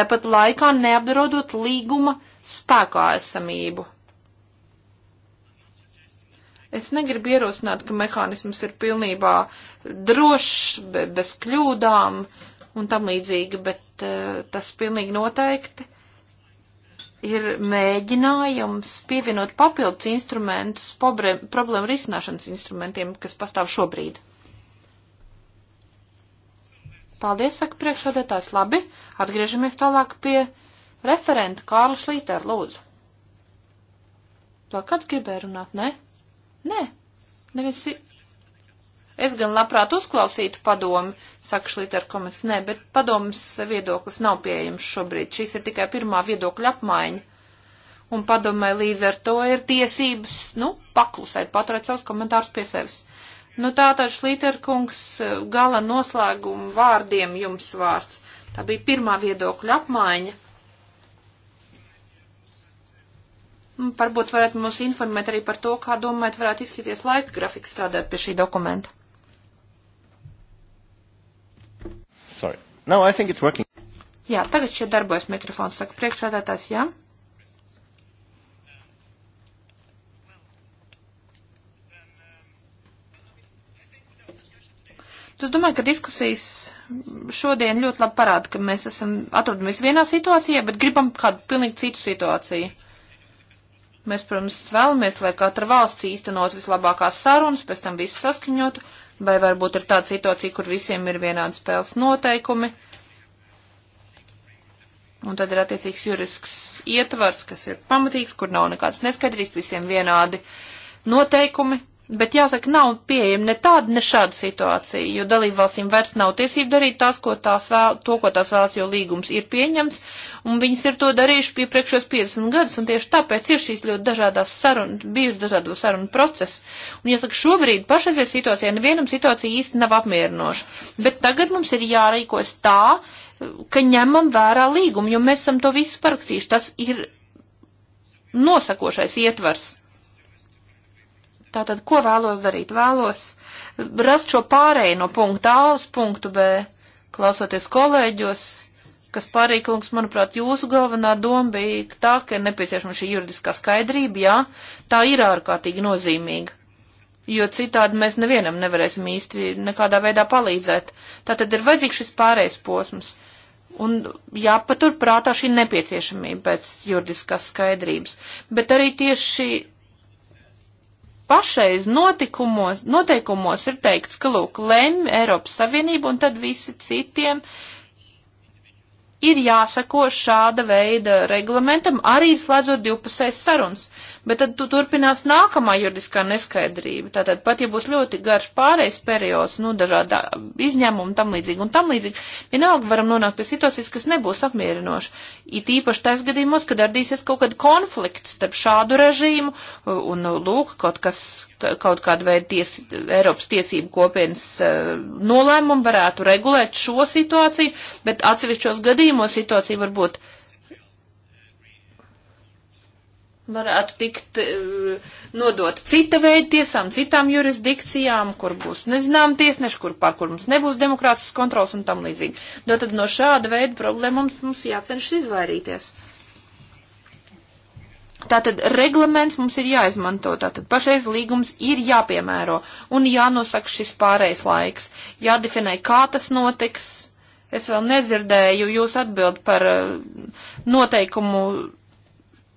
Tāpat laikā neapdarodot līguma spēkā esamību. Es negribu ierosināt, ka mehānisms ir pilnībā drošs, be, bez kļūdām, uh, un tam līdzīgi, bet eh, tas pilnīgi noteikti ir mēģinājums pievienot papildus instrumentus problēmu risināšanas instrumentiem, kas pastāv šobrīd. Paldies, saka priekšādētājs. Labi, atgriežamies tālāk pie referenta Kārla Šlītēra, lūdzu. Vēl kāds gribēja runāt, ne? Nē, neviens Es gan labprāt uzklausītu padomu, saka Šliterkomets, nē, bet padomas viedoklis nav pieejams šobrīd. Šis ir tikai pirmā viedokļa apmaiņa. Un padomai līdz ar to ir tiesības, nu, paklusēt, paturēt savus komentārus pie sevis. Nu, tātad Šliterkungs gala noslēguma vārdiem jums vārds. Tā bija pirmā viedokļa apmaiņa. Un nu, varbūt varat mums informēt arī par to, kā domājat, varētu izskatīties laika grafiks strādāt pie šī dokumenta. No, I think it's working. Jā, tagad šeit darbojas mikrofons, saka priekšsēdētājs, jā. Es domāju, ka diskusijas šodien ļoti labi parāda, ka mēs esam atrodamies vienā situācijā, bet gribam kādu pilnīgi citu situāciju. Mēs, protams, vēlamies, lai katra valsts īstenot vislabākās sarunas, pēc tam visu saskaņotu, vai varbūt ir tāda situācija, kur visiem ir vienādi spēles noteikumi, un tad ir attiecīgs jurisks ietvars, kas ir pamatīgs, kur nav nekāds neskaidrīgs, visiem vienādi noteikumi, Bet jāsaka, nav pieejama ne tāda, ne šāda situācija, jo dalībvalstīm vairs nav tiesību darīt tās, ko tās vēl, to, ko tās vēlas, jo līgums ir pieņemts, un viņas ir to darījuši piepriekšos 50 gadus, un tieši tāpēc ir šīs ļoti dažādās sarunas, bijuši dažādo sarunu procesi. Un jāsaka, šobrīd pašreizie situācijā nevienam situācija īsti nav apmierinoša, bet tagad mums ir jārīkojas tā, ka ņemam vērā līgumu, jo mēs esam to visu parakstījuši. Tas ir nosakošais ietvers. Tātad, ko vēlos darīt? Vēlos rast šo pārēju no punkta A uz punktu B, klausoties kolēģos, kas pārīkums, manuprāt, jūsu galvenā doma bija tā, ka ir nepieciešama šī juridiskā skaidrība, jā, tā ir ārkārtīgi nozīmīga. Jo citādi mēs nevienam nevarēsim īsti nekādā veidā palīdzēt. Tātad ir vajadzīgs šis pārējais posms. Un jāpatur prātā šī nepieciešamība pēc juridiskās skaidrības. Bet arī tieši pašreiz notikumos, noteikumos ir teikts, ka, lūk, lem Eiropas Savienība un tad visi citiem ir jāsako šāda veida reglamentam, arī slēdzot divpusējas sarunas bet tad tu turpinās nākamā juridiskā neskaidrība. Tātad pat, ja būs ļoti garš pārejas periods, nu, dažāda izņēmuma tam līdzīgi un tam līdzīgi, vienalga varam nonākt pie situācijas, kas nebūs apmierinoša. It īpaši tas gadījumos, kad radīsies kaut kāda konflikts starp šādu režīmu un, nu, lūk, kaut kas, kaut kāda veida ties, Eiropas tiesību kopienas uh, e, nolēmumu varētu regulēt šo situāciju, bet atsevišķos gadījumos situācija var būt varētu tikt e, nodot cita veida tiesām, citām jurisdikcijām, kur būs nezinām tiesneši, kur pār kur mums nebūs demokrātisks kontrols un tam līdzīgi. No tad no šāda veida problēma mums, mums jācenšas izvairīties. Tātad reglaments mums ir jāizmanto, tātad pašreiz līgums ir jāpiemēro un jānosaka šis pārējais laiks, jādefinē, kā tas notiks. Es vēl nedzirdēju jūs atbild par e, noteikumu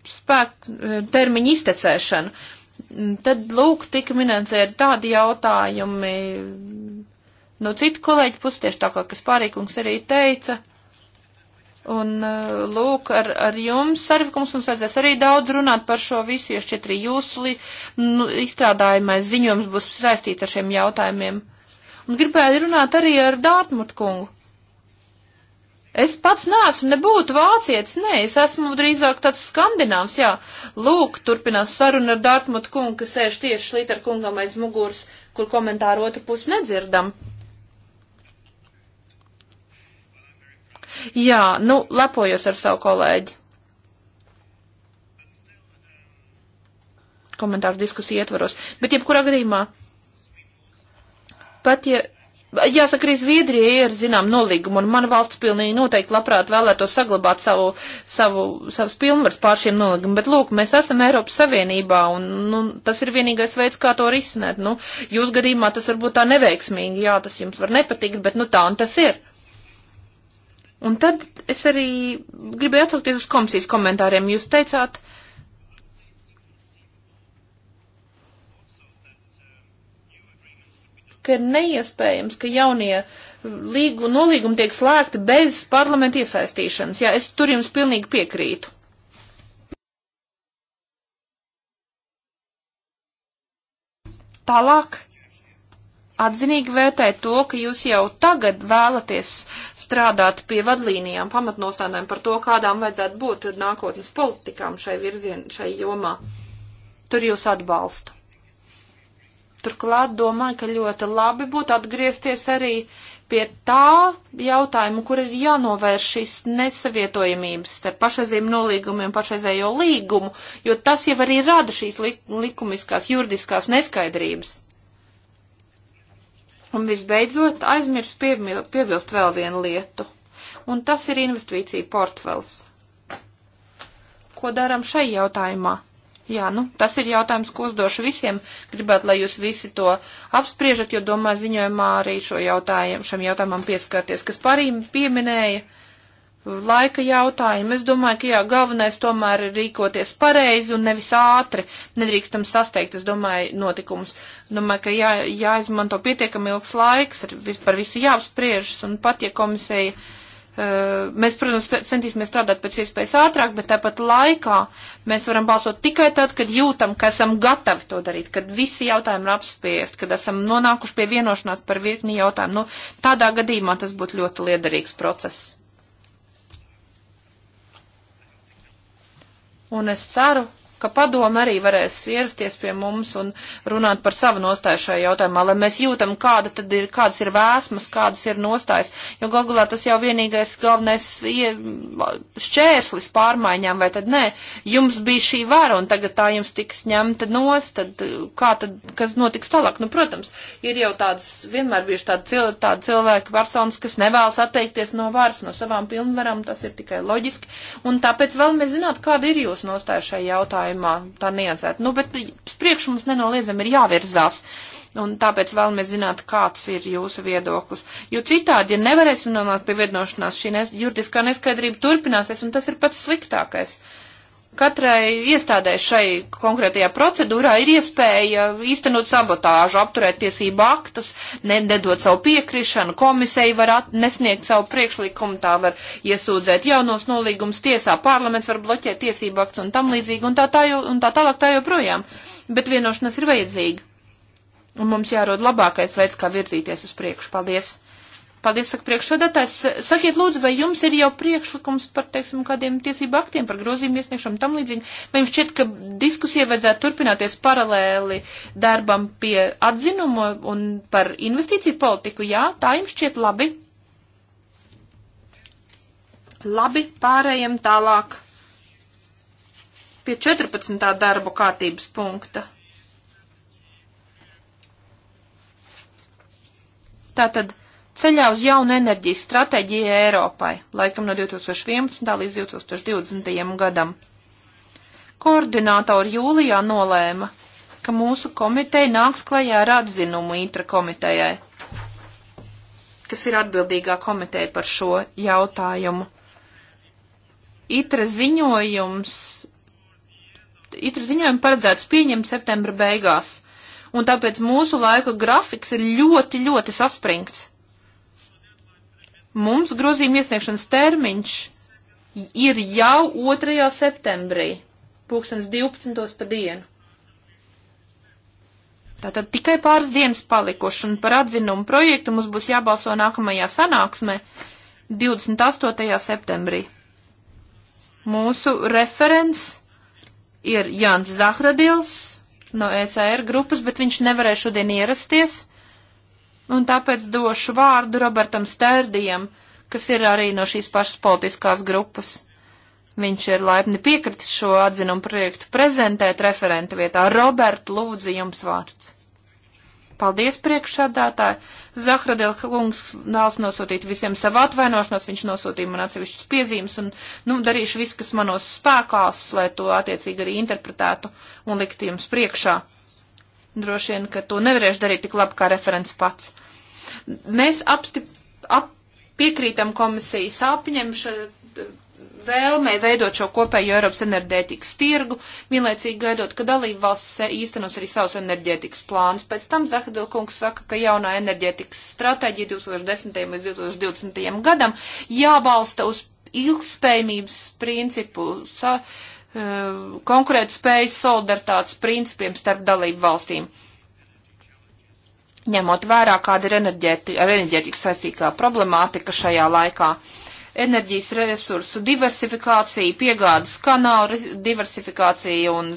spēk eh, termiņu iztecēšanu. Mm, Tad, lūk, tika minēts arī tādi jautājumi no citu kolēģu puses, tieši tā kā, kas pārīkums arī teica. Un, eh, lūk, ar, ar jums, Sarvikums, mums vajadzēs arī daudz runāt par šo visu, jo šķiet arī jūsu nu, izstrādājumais ziņojums būs saistīts ar šiem jautājumiem. Un gribēju runāt arī ar Dārtmut kungu. Es pats neesmu, nebūtu vācietis, nē, es esmu drīzāk tāds skandināvs, jā. Lūk, turpinās saruna ar Dārtmut kungu, kas sēž tieši šlīt ar kungam aiz muguras, kur komentāru otru pusi nedzirdam. Jā, nu, lepojos ar savu kolēģi. Komentāru diskusiju ietvaros. Bet jebkurā gadījumā, pat ja Jāsaka, arī Zviedrija ir, zinām, nolīguma, un mana valsts pilnīgi noteikti labprāt vēlētos saglabāt savu, savu, savas pilnvaras pār šiem nolīgumiem, bet lūk, mēs esam Eiropas Savienībā, un nu, tas ir vienīgais veids, kā to risināt. Nu, jūs gadījumā tas varbūt tā neveiksmīgi, jā, tas jums var nepatikt, bet nu tā un tas ir. Un tad es arī gribēju atsaukties uz komisijas komentāriem. Jūs teicāt, uh, ka ir neiespējams, ka jaunie līgu, nolīgumi tiek slēgti bez parlamenta iesaistīšanas. Jā, es tur jums pilnīgi piekrītu. Tālāk atzinīgi vērtēt to, ka jūs jau tagad vēlaties strādāt pie vadlīnijām, pamatnostādēm par to, kādām vajadzētu būt nākotnes politikām šai virzien, šai jomā. Tur jūs atbalstu. Turklāt domāju, ka ļoti labi būtu atgriezties arī pie tā jautājuma, kur ir jānovērš šīs nesavietojamības starp pašreizējiem nolīgumiem un pašreizējo līgumu, jo tas jau arī rada šīs li likumiskās, juridiskās neskaidrības. Un visbeidzot, aizmirst piebilst vēl vienu lietu, un tas ir investīcija portfels. Ko darām šai jautājumā? Jā, nu, tas ir jautājums, ko uzdošu visiem. Gribētu, lai jūs visi to apspriežat, jo domāju ziņojumā arī šo jautājumu, šam jautājumam pieskarties, kas parīm pieminēja laika jautājumu. Es domāju, ka jā, galvenais tomēr ir rīkoties pareizi un nevis ātri. Nedrīkstam sasteigt, es domāju, notikums. Domāju, ka jā, jāizmanto pietiekami ilgs laiks, par visu jāapspriežas un pat, ja komisija Eh, mēs, protams, centīsimies strādāt pēc iespējas ātrāk, bet tāpat laikā mēs varam balsot tikai tad, kad jūtam, ka esam gatavi to darīt, kad visi jautājumi ir apspiesti, kad esam nonākuši pie vienošanās par virkni jautājumu. Nu, tādā gadījumā tas būtu ļoti liederīgs process. Un es ceru, ka padoma arī varēs ierasties pie mums un runāt par savu nostāju šajā jautājumā, lai mēs jūtam, kāda tad ir, kādas ir vēsmas, kādas ir nostājas, jo galgulā tas jau vienīgais galvenais šķērslis pārmaiņām, vai tad nē, jums bija šī vara un tagad tā jums tiks ņemta nost, tad kā tad, kas notiks tālāk? Nu, protams, ir jau tāds, vienmēr bijuši tādi, cil, tādi cilvēki, personas, kas nevēlas atteikties no varas, no savām pilnvarām, tas ir tikai loģiski, un tāpēc vēlamies zināt, kāda ir jūsu nostāja šai jautājumā ziņojumā tā niansēta. Nu, bet priekš mums nenoliedzam ir jāvirzās. Un tāpēc vēlamies zināt, kāds ir jūsu viedoklis. Jo citādi, ja nevarēsim nonākt pie vienošanās, šī nes juridiskā neskaidrība turpināsies, un tas ir pats sliktākais. Uh, Katrai iestādē šai konkrētajā procedūrā ir iespēja īstenot sabotāžu, apturēt tiesību aktus, nedot savu piekrišanu, komisija var at, nesniegt savu priekšlikumu, tā var iesūdzēt jaunos nolīgumus tiesā, parlaments var bloķēt tiesību aktus un tam līdzīgi un tā, tā, jo, un tā tālāk tā joprojām. Bet vienošanās ir vajadzīga. Un mums jārod labākais veids, kā virzīties uz priekšu. Paldies! Paldies, saka priekšsādātājs. Sakiet, lūdzu, vai jums ir jau priekšlikums par, teiksim, kādiem tiesību aktiem, par grozījumu iesniegšanu tam līdzīgi? Vai jums šķiet, ka diskusija vajadzētu turpināties paralēli darbam pie atzinuma un par investīciju politiku? Jā, tā jums šķiet labi. Labi, pārējiem tālāk pie 14. darba kārtības punkta. Tātad ceļā uz jaunu enerģijas stratēģiju Eiropai, laikam no 2011. līdz 2020. gadam. Koordinātori jūlijā nolēma, ka mūsu komiteja nāks klajā ar atzinumu ITRA komitejai, kas ir atbildīgā komiteja par šo jautājumu. ITRA ziņojums, ITRA ziņojums paredzēts pieņemt septembra beigās, un tāpēc mūsu laika grafiks ir ļoti, ļoti saspringts. Mums grozījuma iesniegšanas termiņš ir jau 2. septembrī, 2012. pa dienu. Tātad tikai pāris dienas palikuši, un par atzinumu projektu mums būs jābalso nākamajā sanāksmē 28. septembrī. Mūsu referents ir Jānis Zahradils no ECR grupas, bet viņš nevarēja šodien ierasties. Un tāpēc došu vārdu Robertam Stērdijam, kas ir arī no šīs pašas politiskās grupas. Viņš ir laipni piekritis šo atzinumu projektu prezentēt referenta vietā. Robert, lūdzu, jums vārds. Paldies priekšādātāji. Zahradēl kungs nāls nosūtīt visiem savu atvainošanos, viņš nosūtīja man atsevišķas piezīmes un, nu, darīšu visu, kas manos spēkās, lai to attiecīgi arī interpretētu un liktu jums priekšā. Droši vien, ka to nevarēšu darīt tik labi kā referents pats. Mēs apstip, ap, piekrītam komisijas apņemša vēlmē veidot šo kopējo Eiropas enerģētikas tirgu, vienlaicīgi gaidot, ka dalība valsts īstenos arī savus enerģētikas plānus. Pēc tam Zahadilkungs saka, ka jaunā enerģētikas stratēģija 2010. līdz 2020. gadam jābalsta uz ilgspējības principu. Sa, uh, konkurētspējas solidaritātes principiem starp dalību valstīm. Ņemot vērā, kāda ir enerģēti, ar enerģētiku saistītā problemātika šajā laikā, enerģijas resursu diversifikācija, piegādes kanālu diversifikācija un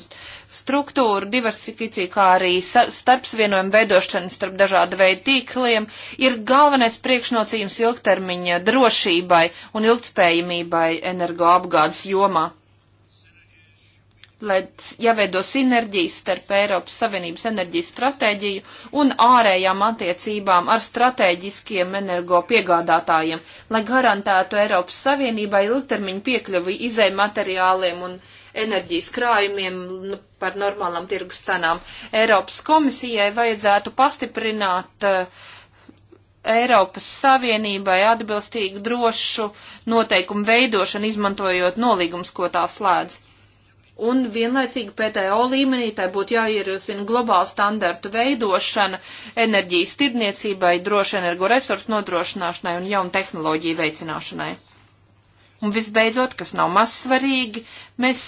struktūru diversifikācija, kā arī starpsvienojumu veidošana starp dažādu veidu tīkliem, ir galvenais priekšnocījums ilgtermiņa drošībai un ilgtspējamībai energoapgādes jomā lai jāveido sinerģijas starp Eiropas Savienības enerģijas stratēģiju un ārējām attiecībām ar strateģiskiem energopiegādātājiem, lai garantētu Eiropas Savienībai ilgtermiņu piekļuvi izēju materiāliem un enerģijas krājumiem nu, par normālām tirgus cenām. Eiropas komisijai vajadzētu pastiprināt uh, Eiropas Savienībai atbilstīgi drošu noteikumu veidošanu, izmantojot nolīgums, ko tā slēdz. Un vienlaicīgi PTO līmenī tai būtu jāierosina globālu standartu veidošana enerģijas tirniecībai, droši energoresursu nodrošināšanai un jaunu tehnoloģiju veicināšanai. Un visbeidzot, kas nav maz svarīgi, mēs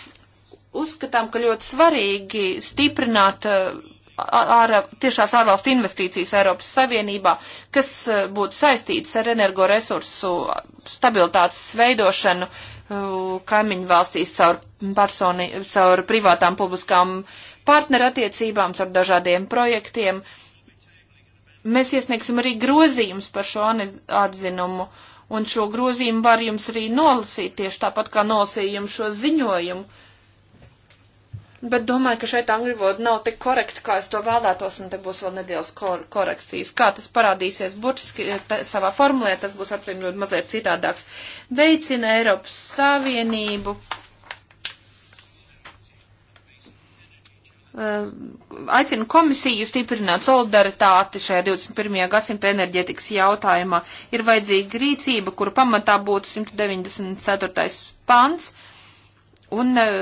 uzskatām, ka ļoti svarīgi stiprināt uh, ārā, tiešās ārvalstu investīcijas Eiropas Savienībā, kas uh, būtu saistītas ar energoresursu stabilitātes veidošanu kaimiņu valstīs caur, personi, caur privātām publiskām partnerattiecībām, caur dažādiem projektiem. Mēs iesniegsim arī grozījumus par šo atzinumu, un šo grozījumu var jums arī nolasīt tieši tāpat kā nolasījumu šo ziņojumu Bet domāju, ka šeit angļu valoda nav tik korekta, kā es to vēlētos, un te būs vēl nedēļas kor korekcijas. Kā tas parādīsies burtiski eh, savā formulē, tas būs acīm ļoti mazliet citādāks. Veicina Eiropas Savienību. Eh, Aicinu komisiju stiprināt solidaritāti šajā 21. gadsimta enerģetikas jautājumā. Ir vajadzīga rīcība, kura pamatā būtu 194. pants. Un eh,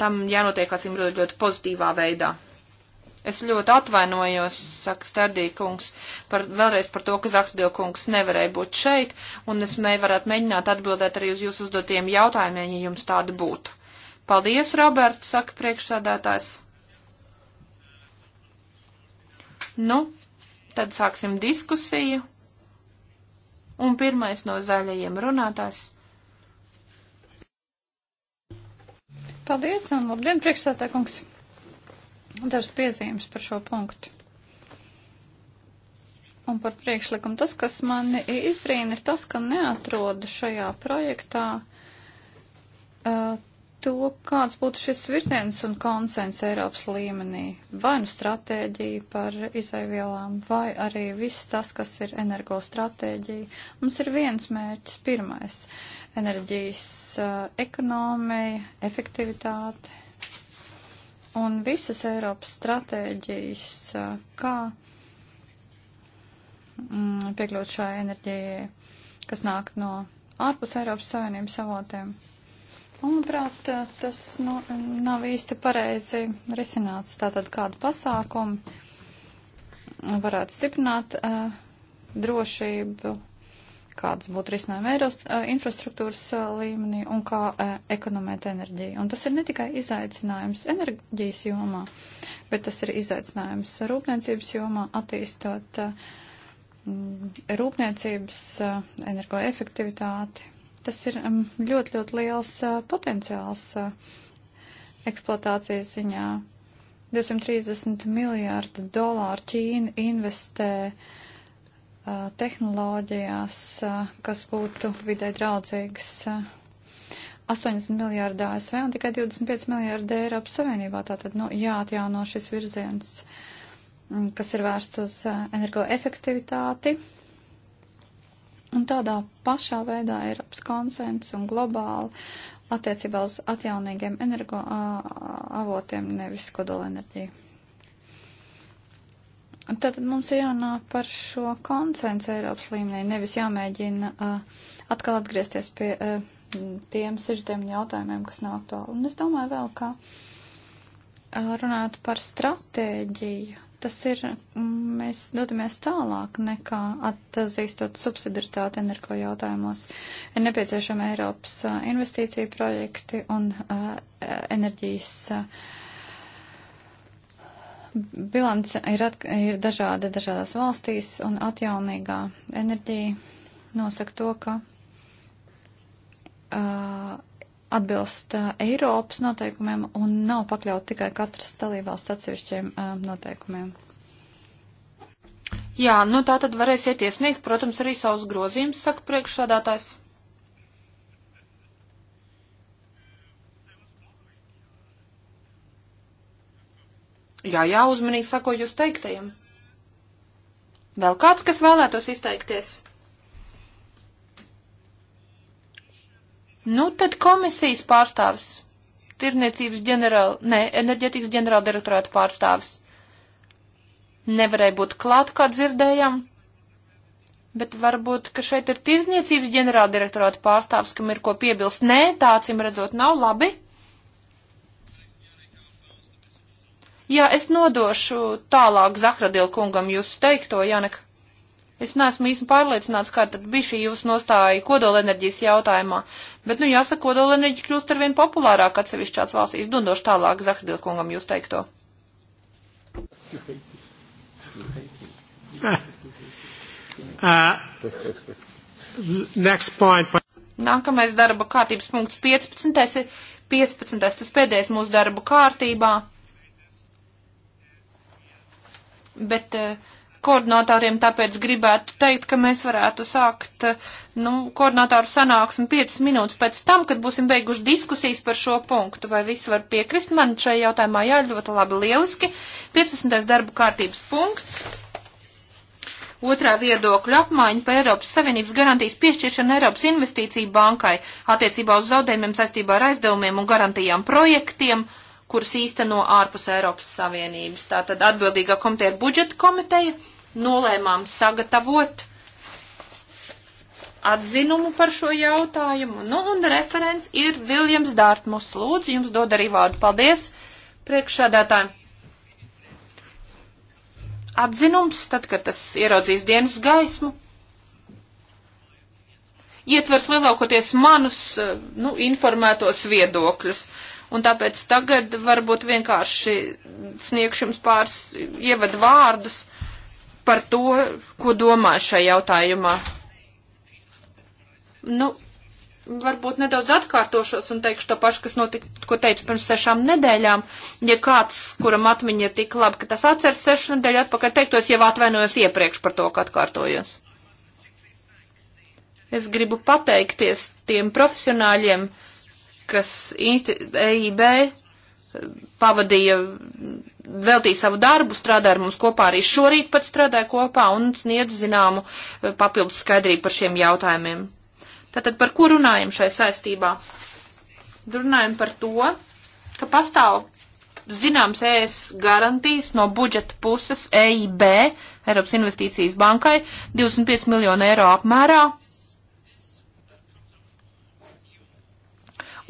tam jānotiek acīm ļoti, ļoti pozitīvā veidā. Es ļoti atvainojos, saka Stardī kungs, par, vēlreiz par to, ka Zakrdil kungs nevarēja būt šeit, un es mē varētu mēģināt atbildēt arī uz jūsu uzdotiem jautājumiem, ja jums tādi būtu. Paldies, Robert, saka priekšsādātājs. Nu, tad sāksim diskusiju. Un pirmais no zaļajiem runātājs Paldies un labdien, priekšsētā kungs. Dažas piezīmes par šo punktu. Un par priekšlikumu tas, kas mani izbrīna, ir tas, ka neatrodu šajā projektā uh, to, kāds būtu šis virziens un konsens Eiropas līmenī. Vai nu stratēģija par izaivielām, vai arī viss tas, kas ir energostratēģija. Mums ir viens mērķis, pirmais - enerģijas uh, ekonomija, efektivitāte un visas Eiropas stratēģijas, uh, kā mm, piekļūt šai enerģijai, kas nāk no ārpus Eiropas Savienības avotiem. Manuprāt, tas nu, nav īsti pareizi risināts. Tātad kādu pasākumu varētu stiprināt uh, drošību, kādas būtu risinājumi Eiros uh, infrastruktūras uh, līmenī un kā uh, ekonomēt enerģiju. Un tas ir ne tikai izaicinājums enerģijas jomā, bet tas ir izaicinājums rūpniecības jomā attīstot uh, rūpniecības uh, energoefektivitāti Tas ir um, ļoti, ļoti liels uh, potenciāls uh, eksploatācijas ziņā. 230 miljārdu dolāru Ķīna investē uh, tehnoloģijās, kas būtu vidē draudzīgas. 80 miljārdu ASV un tikai 25 miljārdu Eiropas Savienībā. Tātad nu, jāatjauno šis virziens, mm, kas ir vērsts uz energoefektivitāti, Un tādā pašā veidā Eiropas konsens un globāli attiecībā uz atjaunīgiem energo avotiem, nevis kodolenerģiju. Tātad mums ir jānāk par šo konsensu Eiropas līmenī, nevis jāmēģina uh, atkal atgriezties pie uh, tiem sižtiem jautājumiem, kas nav aktuāli. Un es domāju vēl, ka uh, runājot par stratēģiju, tas ir, mm, mēs dodamies tālāk nekā atzīstot subsidiaritāti energo jautājumos. Ir nepieciešama Eiropas investīcija projekti un uh, enerģijas. Uh, bilance ir, at, ir dažāda dažādās valstīs, un atjaunīgā enerģija nosaka to, ka uh, atbilst uh, Eiropas noteikumiem un nav pakļaut tikai katras dalībvalsts atsevišķiem uh, noteikumiem. Jā, nu tā tad varēsiet iesniegt, protams, arī savus grozījumus, saka priekšsādātājs. Jā, jā, uzmanīgi sako jūs teiktajiem. Vēl kāds, kas vēlētos izteikties? Nu, tad komisijas pārstāvis, tirniecības ģenerāla, ne, enerģetikas ģenerāla direktorāta pārstāvis. Nevarēja būt klāt, kā dzirdējām, bet varbūt, ka šeit ir tirniecības ģenerāla direktorāta pārstāvis, kam ir ko piebilst. Nē, tācim redzot, nav labi. Jā, es nodošu tālāk Zahradil kungam jūsu teikto, Janek. Es neesmu īsti pārliecināts, kā tad bija šī jūsu nostāja kodolenerģijas jautājumā, bet, nu, jāsaka, kodolenerģija kļūst arvien populārāk atsevišķās valstīs. Dundoši tālāk Zahridilkungam jūs teikto. Uh, next point. Nākamais darba kārtības punkts 15. 15. tas pēdējais mūsu darba kārtībā. Bet uh, koordinatoriem, tāpēc gribētu teikt, ka mēs varētu sākt nu, koordinatoru sanāksmi 5 minūtes pēc tam, kad būsim beiguši diskusijas par šo punktu. Vai visi var piekrist man šajā jautājumā? Jā, ļoti labi, lieliski. 15. darba kārtības punkts. Otrā viedokļa apmaiņa par Eiropas Savienības garantijas piešķiršanu Eiropas investīciju bankai attiecībā uz zaudējumiem saistībā ar aizdevumiem un garantijām projektiem kuras īsteno ārpus Eiropas Savienības. Tātad atbildīgā komiteja ir budžeta komiteja, nolēmām sagatavot atzinumu par šo jautājumu. Nu, un referents ir Viljams Dārtmus. Lūdzu, jums dod arī vārdu. Paldies, priekšsādātājiem. Atzinums, tad, kad tas ieraudzīs dienas gaismu, ietvers lielākoties manus, nu, informētos viedokļus. Un tāpēc tagad varbūt vienkārši sniegšu jums pāris ievadu vārdus par to, ko domā šajā jautājumā. Nu, varbūt nedaudz atkārtošos un teikšu to pašu, kas notika, ko teicu pirms sešām nedēļām. Ja kāds, kuram atmiņa ir tik laba, ka tas atceras sešu nedēļu atpakaļ, teiktos jau atvainojos iepriekš par to, ka atkārtojos. Es gribu pateikties tiem profesionāļiem, kas EIB pavadīja veltīja savu darbu, strādāja ar mums kopā arī šorīt pat strādāja kopā un sniedz zināmu eh, papildus skaidrību par šiem jautājumiem. Tātad par ko runājam šai saistībā? Runājam par to, ka pastāv zināms ES garantijas no budžeta puses EIB, Eiropas investīcijas bankai, 25 miljonu eiro apmērā.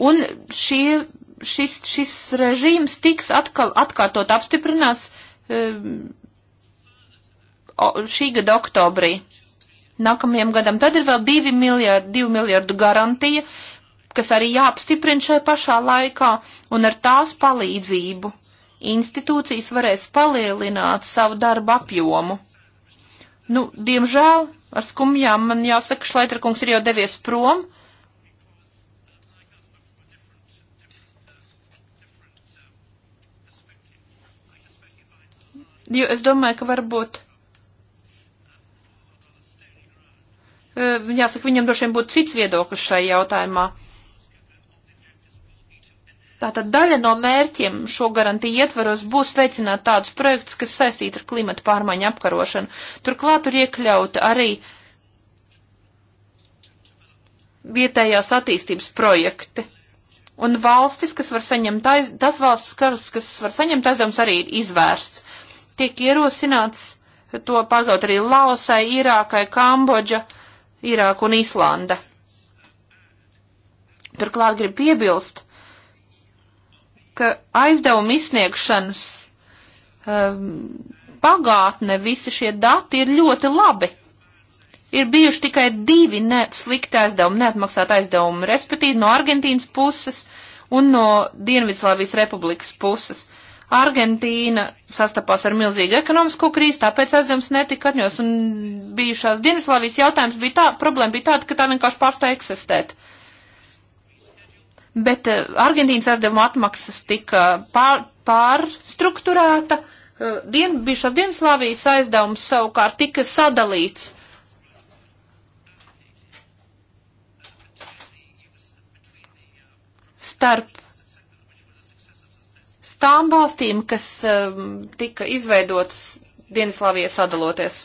Un šie šis, šis režīms tiks atkal atkārtot apstiprināts um, šī gada oktobrī. Nākamajam gadam tad ir vēl 2 miljardu, 2 miljardu garantija, kas arī jāapstiprina šai pašā laikā, un ar tās palīdzību institūcijas varēs palielināt savu darbu apjomu. Nu, diemžēl ar skumjām man jāsaka, Šlaitrakungs ir jau devies prom, Jo es domāju, ka varbūt. E, jāsaka, viņam droši vien būtu cits viedoklis šai jautājumā. Tātad daļa no mērķiem šo garantiju ietvaros būs veicināt tādus projektus, kas saistīti ar klimatu pārmaiņu apkarošanu. Turklāt tur iekļauta arī vietējās attīstības projekti. Un valstis, kas var saņemt, aiz, tas valsts, kas, kas var saņemt aizdevums, arī ir izvērsts tiek ierosināts to pakļaut arī Laosai, Irākai, Kambodža, Irāku un Islanda. Turklāt grib piebilst, ka aizdevuma izsniegšanas um, pagātne, visi šie dati ir ļoti labi. Ir bijuši tikai divi ne, slikti aizdevumi, neatmaksāti aizdevumi, respektīvi no Argentīnas puses un no Dienvidslāvijas republikas puses. Uh, Argentīna sastapās ar milzīgu ekonomisko krīzi, tāpēc aizdevums netika atņos, un bijušās Dienaslāvijas jautājums bija tā, problēma bija tāda, ka tā vienkārši pārstāja eksistēt. Bet eh, Argentīnas aizdevuma atmaksas tika pār, pārstruktūrēta, eh, dien, bijušās Dienaslāvijas aizdevums savukārt tika sadalīts. starp tām valstīm, kas um, tika izveidotas Dienaslavijai sadaloties.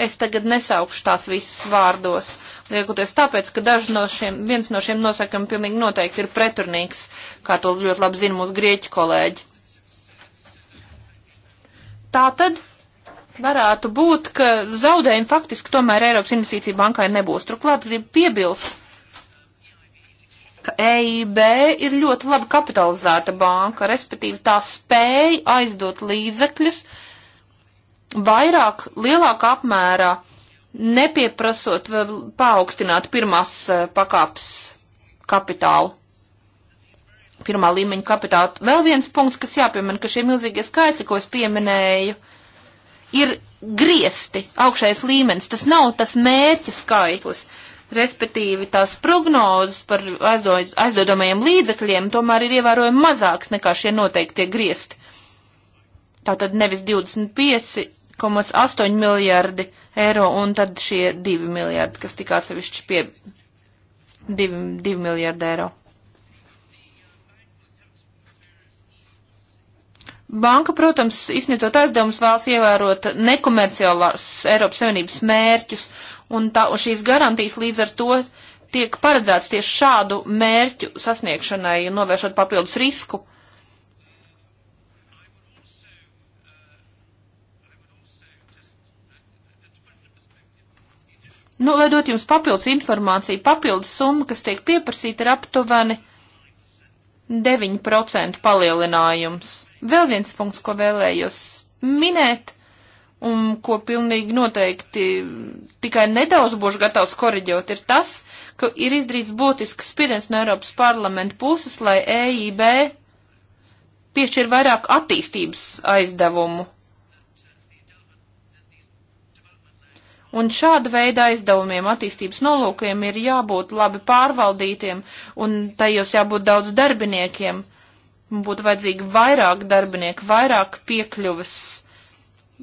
Es tagad nesaukšu tās visas vārdos, liekoties tāpēc, ka daži no šiem, viens no šiem nosakam pilnīgi noteikti ir preturnīgs, kā to ļoti labi zina mūsu grieķu kolēģi. Tā tad varētu būt, ka zaudējumi faktiski tomēr Eiropas investīcija bankai nebūs. Turklāt gribu piebilst, ka EIB ir ļoti labi kapitalizēta banka, respektīvi tā spēja aizdot līdzekļus vairāk, lielākā apmērā, nepieprasot vēl paaugstināt pirmās eh, pakāpes kapitālu. Pirmā līmeņa kapitāla. Vēl viens punkts, kas jāpiemina, ka šie milzīgie skaitļi, ko es pieminēju, ir griesti augšējais līmenis. Tas nav tas mērķa skaitlis. Uh, respektīvi tās prognozes par aizdodamajiem līdzekļiem tomēr ir ievērojami mazāks nekā šie noteiktie griesti. Tātad nevis 25,8 miljardi eiro un tad šie 2 miljardi, kas tika atsevišķi pie 2, 2 miljardi eiro. Banka, protams, izsniedzot aizdevumus, vēlas ievērot nekomerciālās Eiropas Savienības mērķus, uh, un tā, un šīs garantijas līdz ar to tiek paredzēts tieši šādu mērķu sasniegšanai, novēršot papildus risku. Nu, lai dot jums papildus informāciju, papildus summa, kas tiek pieprasīta, ir aptuveni 9% palielinājums. Vēl viens punkts, ko vēlējos minēt, un ko pilnīgi noteikti tikai nedaudz būšu gatavs koriģot, ir tas, ka ir izdarīts būtisks spiediens no Eiropas parlamenta puses, lai EIB piešķir vairāk attīstības aizdevumu. Un šāda veida aizdevumiem attīstības nolūkiem ir jābūt labi pārvaldītiem, un tajos jābūt daudz darbiniekiem. Būtu vajadzīgi vairāk darbinieku, vairāk piekļuves uh,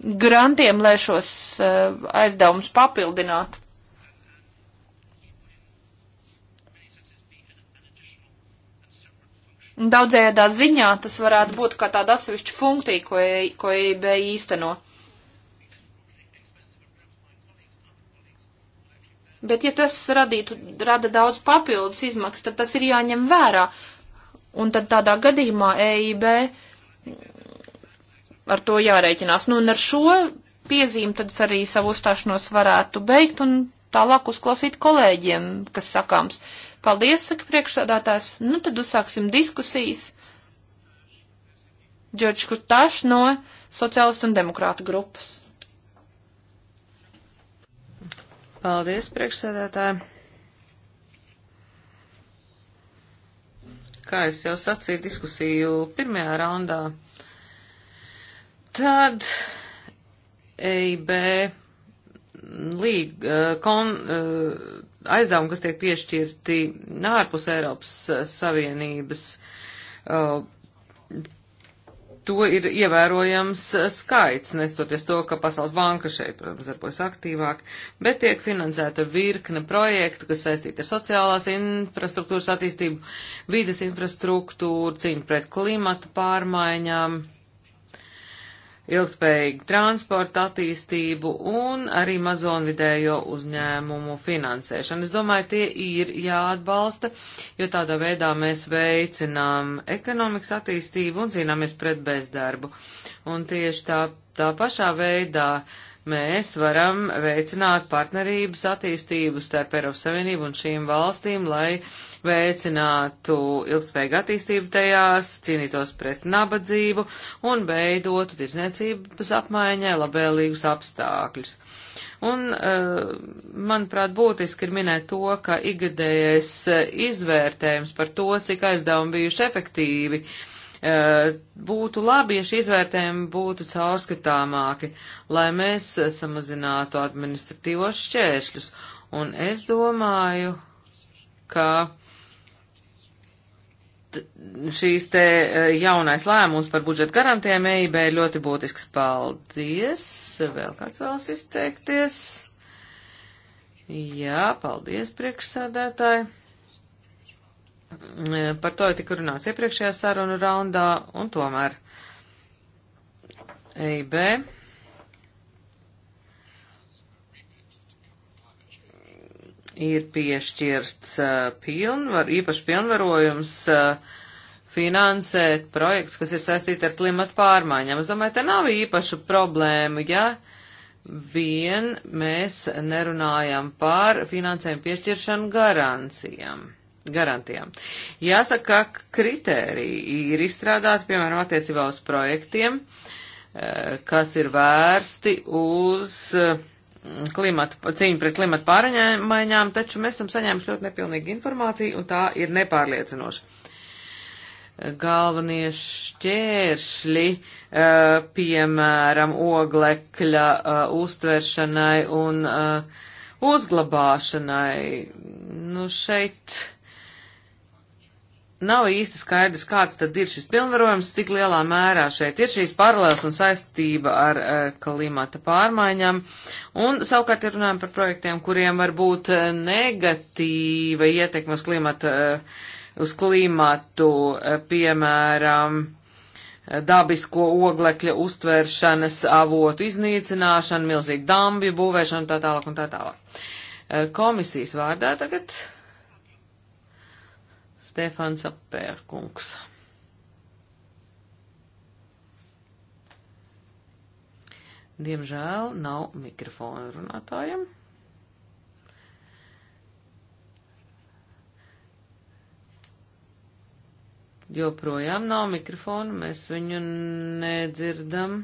grantiem, lai šos eh, aizdevumus papildinātu. Daudzējādā ziņā tas varētu būt kā tāda atsevišķa funkcija, ko, ko EIB īsteno. Bet ja tas radītu, rada daudz papildus izmaksas, tad tas ir jāņem vērā. Un tad tādā gadījumā EIB uh, ar to jārēķinās. Nu, un ar šo piezīmi tad es arī savu uzstāšanos varētu beigt un tālāk uzklausīt kolēģiem, kas sakāms. Paldies, saka priekšsādātājs. Nu, tad uzsāksim diskusijas. Džordžs Kurtašs no Sociālistu un Demokrātu grupas. Paldies, priekšsēdētāji. Kā es jau sacīju diskusiju pirmajā raundā, Tad EIB līg, e, kon, e, aizdevumi, kas tiek piešķirti ārpus Eiropas Savienības, e, to ir ievērojams skaits, nestoties to, ka Pasaules banka šeit, protams, darbojas aktīvāk, bet tiek finansēta virkne projektu, kas saistīti ar sociālās infrastruktūras attīstību, vīdes infrastruktūru, cīņu pret klimata pārmaiņām ilgspējīgu transportu attīstību un arī mazo un vidējo uzņēmumu finansēšanu. Es domāju, tie ir jāatbalsta, jo tādā veidā mēs veicinām ekonomikas attīstību un cīnāmies pret bezdarbu. Un tieši tā, tā pašā veidā uh, mēs varam veicināt partnerības attīstību starp Eiropas Savienību un šīm valstīm, lai veicinātu ilgspējīgu attīstību tajās, cīnītos pret nabadzību un veidotu tirsniecības apmaiņai labvēlīgus apstākļus. Un, eh, manuprāt, būtiski ir minēt to, ka igadējais eh, izvērtējums par to, cik aizdevumi bijuši efektīvi, uh, Eh, būtu labi, ja šie izvērtējumi būtu caurskatāmāki, lai mēs samazinātu administratīvos šķēršļus. Un es domāju, ka šīs te eh, jaunais lēmums par budžeta garantijām EIB ir ļoti būtisks. Paldies! Vēl kāds vēlas izteikties? Jā, paldies, priekšsādētāji! Mm, par to jau tika runāts iepriekšējā sarunu raundā, un tomēr EIB ir piešķirts uh, pilnvar, īpaši pilnvarojums uh, finansēt projekts, kas ir saistīti ar klimatu pārmaiņām. Es domāju, te nav īpaša problēma, ja vien mēs nerunājam par finansējumu piešķiršanu garancijām garantijām. Jāsaka, ka kritēriji ir izstrādāti, piemēram, attiecībā uz projektiem, eh, kas ir vērsti uz eh, klimata, cīņu pret klimata pārmaiņām, taču mēs esam saņēmuši ļoti nepilnīgu informāciju, un tā ir nepārliecinoša. Galvenie šķēršļi, eh, piemēram, oglekļa uztveršanai un uzglabāšanai, nu šeit nav īsti skaidrs, kāds tad ir šis pilnvarojums, cik lielā mērā šeit ir šīs paralēlas un saistība ar uh, klimata pārmaiņām. Un savukārt ir runājumi par projektiem, kuriem var būt eh, negatīva ietekme uz klimata, uh, uz klimatu, uh, piemēram, dabisko oglekļa uztvēršanas avotu iznīcināšana, milzīgi dambi būvēšana tā tālāk un tā tālāk. Komisijas vārdā tagad Stefāns Apērkungs. Diemžēl nav mikrofona runātājiem. Joprojām nav mikrofona, mēs viņu nedzirdam.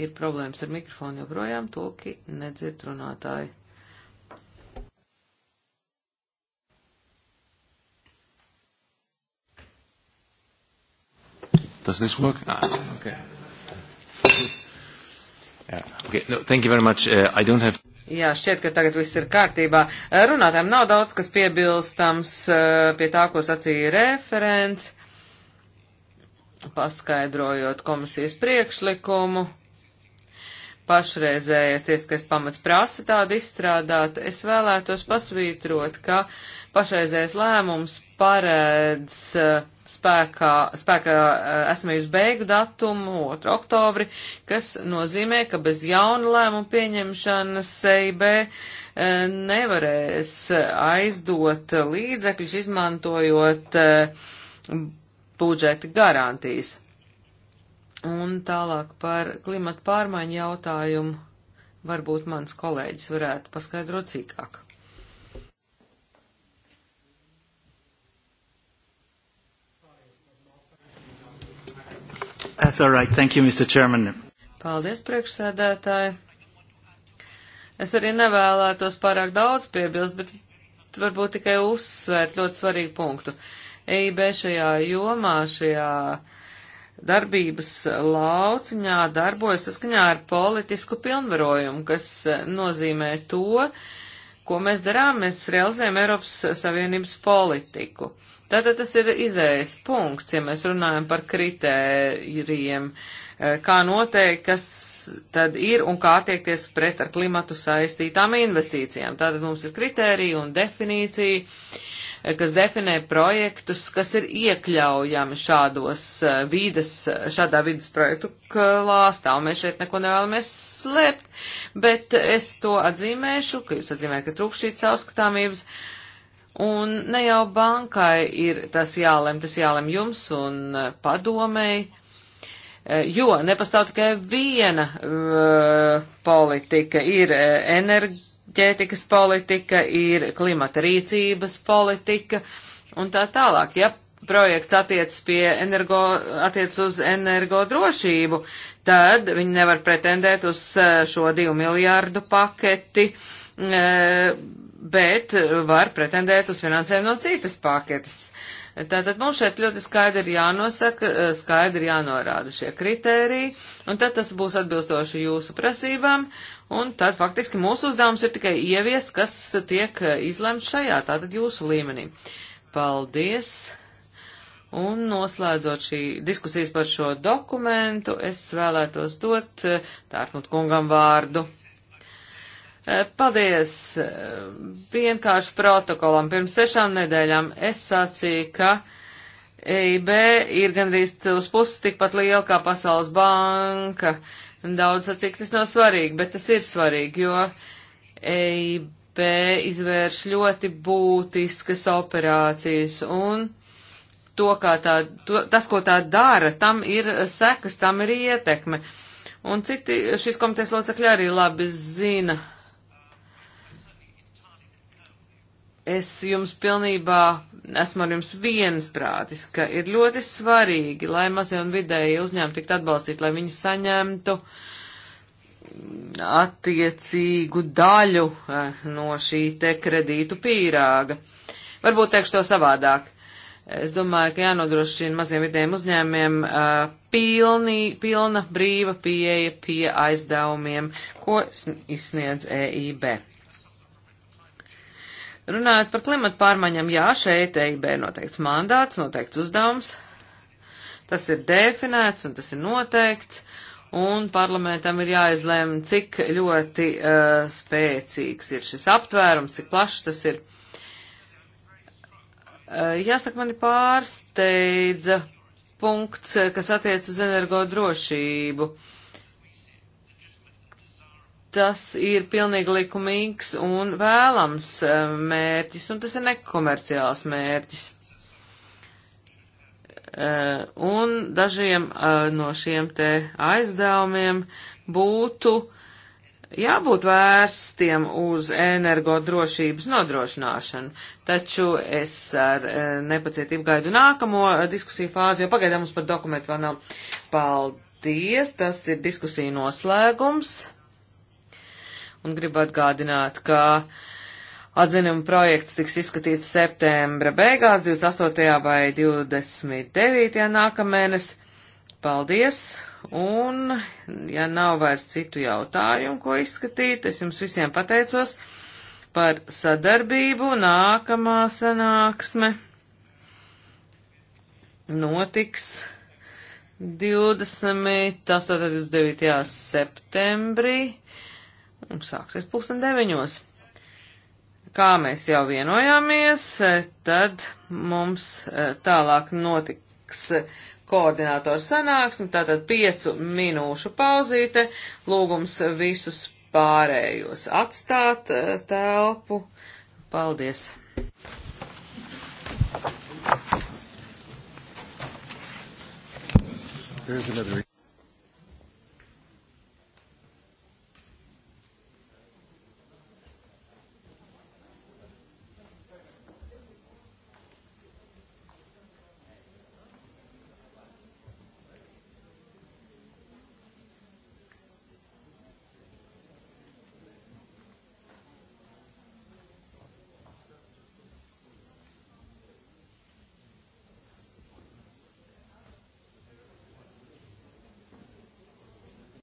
ir problēmas ar mikrofonu joprojām, tulki nedzird runātāji. Does this work? Ah, okay. Yeah. Okay. No, thank you very much. Uh, I don't have. Jā, šķiet, ka tagad viss ir kārtībā. Uh, runātājiem nav daudz, kas piebilstams uh, pie tā, ko sacīja referents, paskaidrojot komisijas priekšlikumu pašreizējais tiesiskais pamats prasa tādu izstrādāt, es vēlētos pasvītrot, ka pašreizējais lēmums paredz eh, spēkā, spēkā eh, esamības beigu datumu 2. oktobri, kas nozīmē, ka bez jauna lēmuma pieņemšanas EIB eh, nevarēs aizdot līdzekļus, izmantojot budžeta garantijas. Un tālāk par klimatu pārmaiņu jautājumu varbūt mans kolēģis varētu paskaidrot cīkāk. That's all right. Thank you, Mr. Chairman. Paldies, priekšsēdētāji. Es arī nevēlētos pārāk daudz piebilst, bet varbūt tikai uzsvērt ļoti svarīgu punktu. EIB šajā jomā, šajā uh, darbības lauciņā darbojas saskaņā ar politisku pilnvarojumu, kas eh, nozīmē to, ko mēs darām, mēs realizējam Eiropas Savienības politiku. Tātad tas ir izējas punkts, ja mēs runājam par kritērijiem, eh, kā noteikt, kas tad ir un kā attiekties pret ar klimatu saistītām investīcijām. Tātad mums ir kritērija un definīcija. Uh, kas definē projektus, kas ir iekļaujami šādos eh, vides, šādā vides projektu klāstā, un mēs šeit neko nevēlamies slēpt, bet es to atzīmēšu, ka jūs atzīmējat, ka trūkst šīs caurskatāmības. Un ne jau bankai ir tas jālem, tas jālem jums un eh, padomēji, eh, jo nepastāv tikai viena uh, politika, ir enerģija ģētikas politika, ir klimata rīcības politika un tā tālāk. Ja projekts attiecas pie energo, attiec uz energodrošību, tad viņi nevar pretendēt uz eh, šo divu miljārdu paketi, eh, bet var pretendēt uz finansējumu no citas paketes. Tātad mums šeit ļoti skaidri ir jānosaka, eh, skaidri jānorāda šie kritēriji, un tad tas būs atbilstoši jūsu prasībām, un tad faktiski mūsu uzdevums ir tikai ieviest, kas tiek eh, izlemts šajā, tātad jūsu līmenī. Paldies! Un noslēdzot šī diskusijas par šo dokumentu, es vēlētos dot Tārknut eh, kungam vārdu. Eh, paldies! Vienkārši protokolam pirms sešām nedēļām es sacīju, ka EIB ir gandrīz uz puses tikpat liela kā Pasaules banka. Daudz sacīk, tas nav svarīgi, bet tas ir svarīgi, jo EIB izvērš ļoti būtiskas operācijas un to, kā tā, to, tas, ko tā dara, tam ir sekas, tam ir ietekme. Un citi šīs komitejas locekļi arī labi zina Es jums pilnībā esmu ar jums viensprātis, ka ir ļoti svarīgi, lai mazie un vidēji uzņēmumi tiktu atbalstīti, lai viņi saņemtu attiecīgu daļu eh, no šī te kredītu pīrāga. Varbūt teikšu to savādāk. Es domāju, ka jānodrošina maziem vidējiem uzņēmiem eh, pilnī, pilna brīva pieeja pie aizdevumiem, ko izsniedz EIB. Runājot par klimatu pārmaiņām, jā, šeit EIB noteikts mandāts, noteikts uzdevums. Tas ir definēts un tas ir noteikts, un parlamentam ir jāizlēm, cik ļoti uh, spēcīgs ir šis aptvērums, cik plašs tas ir. Uh, jāsaka, mani pārsteidza punkts, eh, kas attiec uz energo drošību. Uh, tas ir pilnīgi likumīgs un vēlams eh, mērķis, un tas ir nekomerciāls mērķis. Eh, un dažiem eh, no šiem te aizdevumiem būtu jābūt vērstiem uz energodrošības nodrošināšanu, taču es ar nepacietību gaidu nākamo diskusiju fāzi, jo pagaidām mums pat dokumentu vēl nav. Paldies, tas ir diskusija noslēgums un gribu atgādināt, ka atzinuma projekts tiks izskatīts septembra beigās, 28. vai 29. nākamēnes. Paldies! Un, ja nav vairs citu jautājumu, ko izskatīt, es jums visiem pateicos par sadarbību. Nākamā sanāksme notiks 28. un 29. septembrī un sāksies pulksten deviņos. Kā mēs jau vienojāmies, tad mums e, tālāk notiks e, koordinātoru sanāksmi, tātad piecu minūšu pauzīte, lūgums visus pārējos atstāt e, telpu. Paldies! There's another.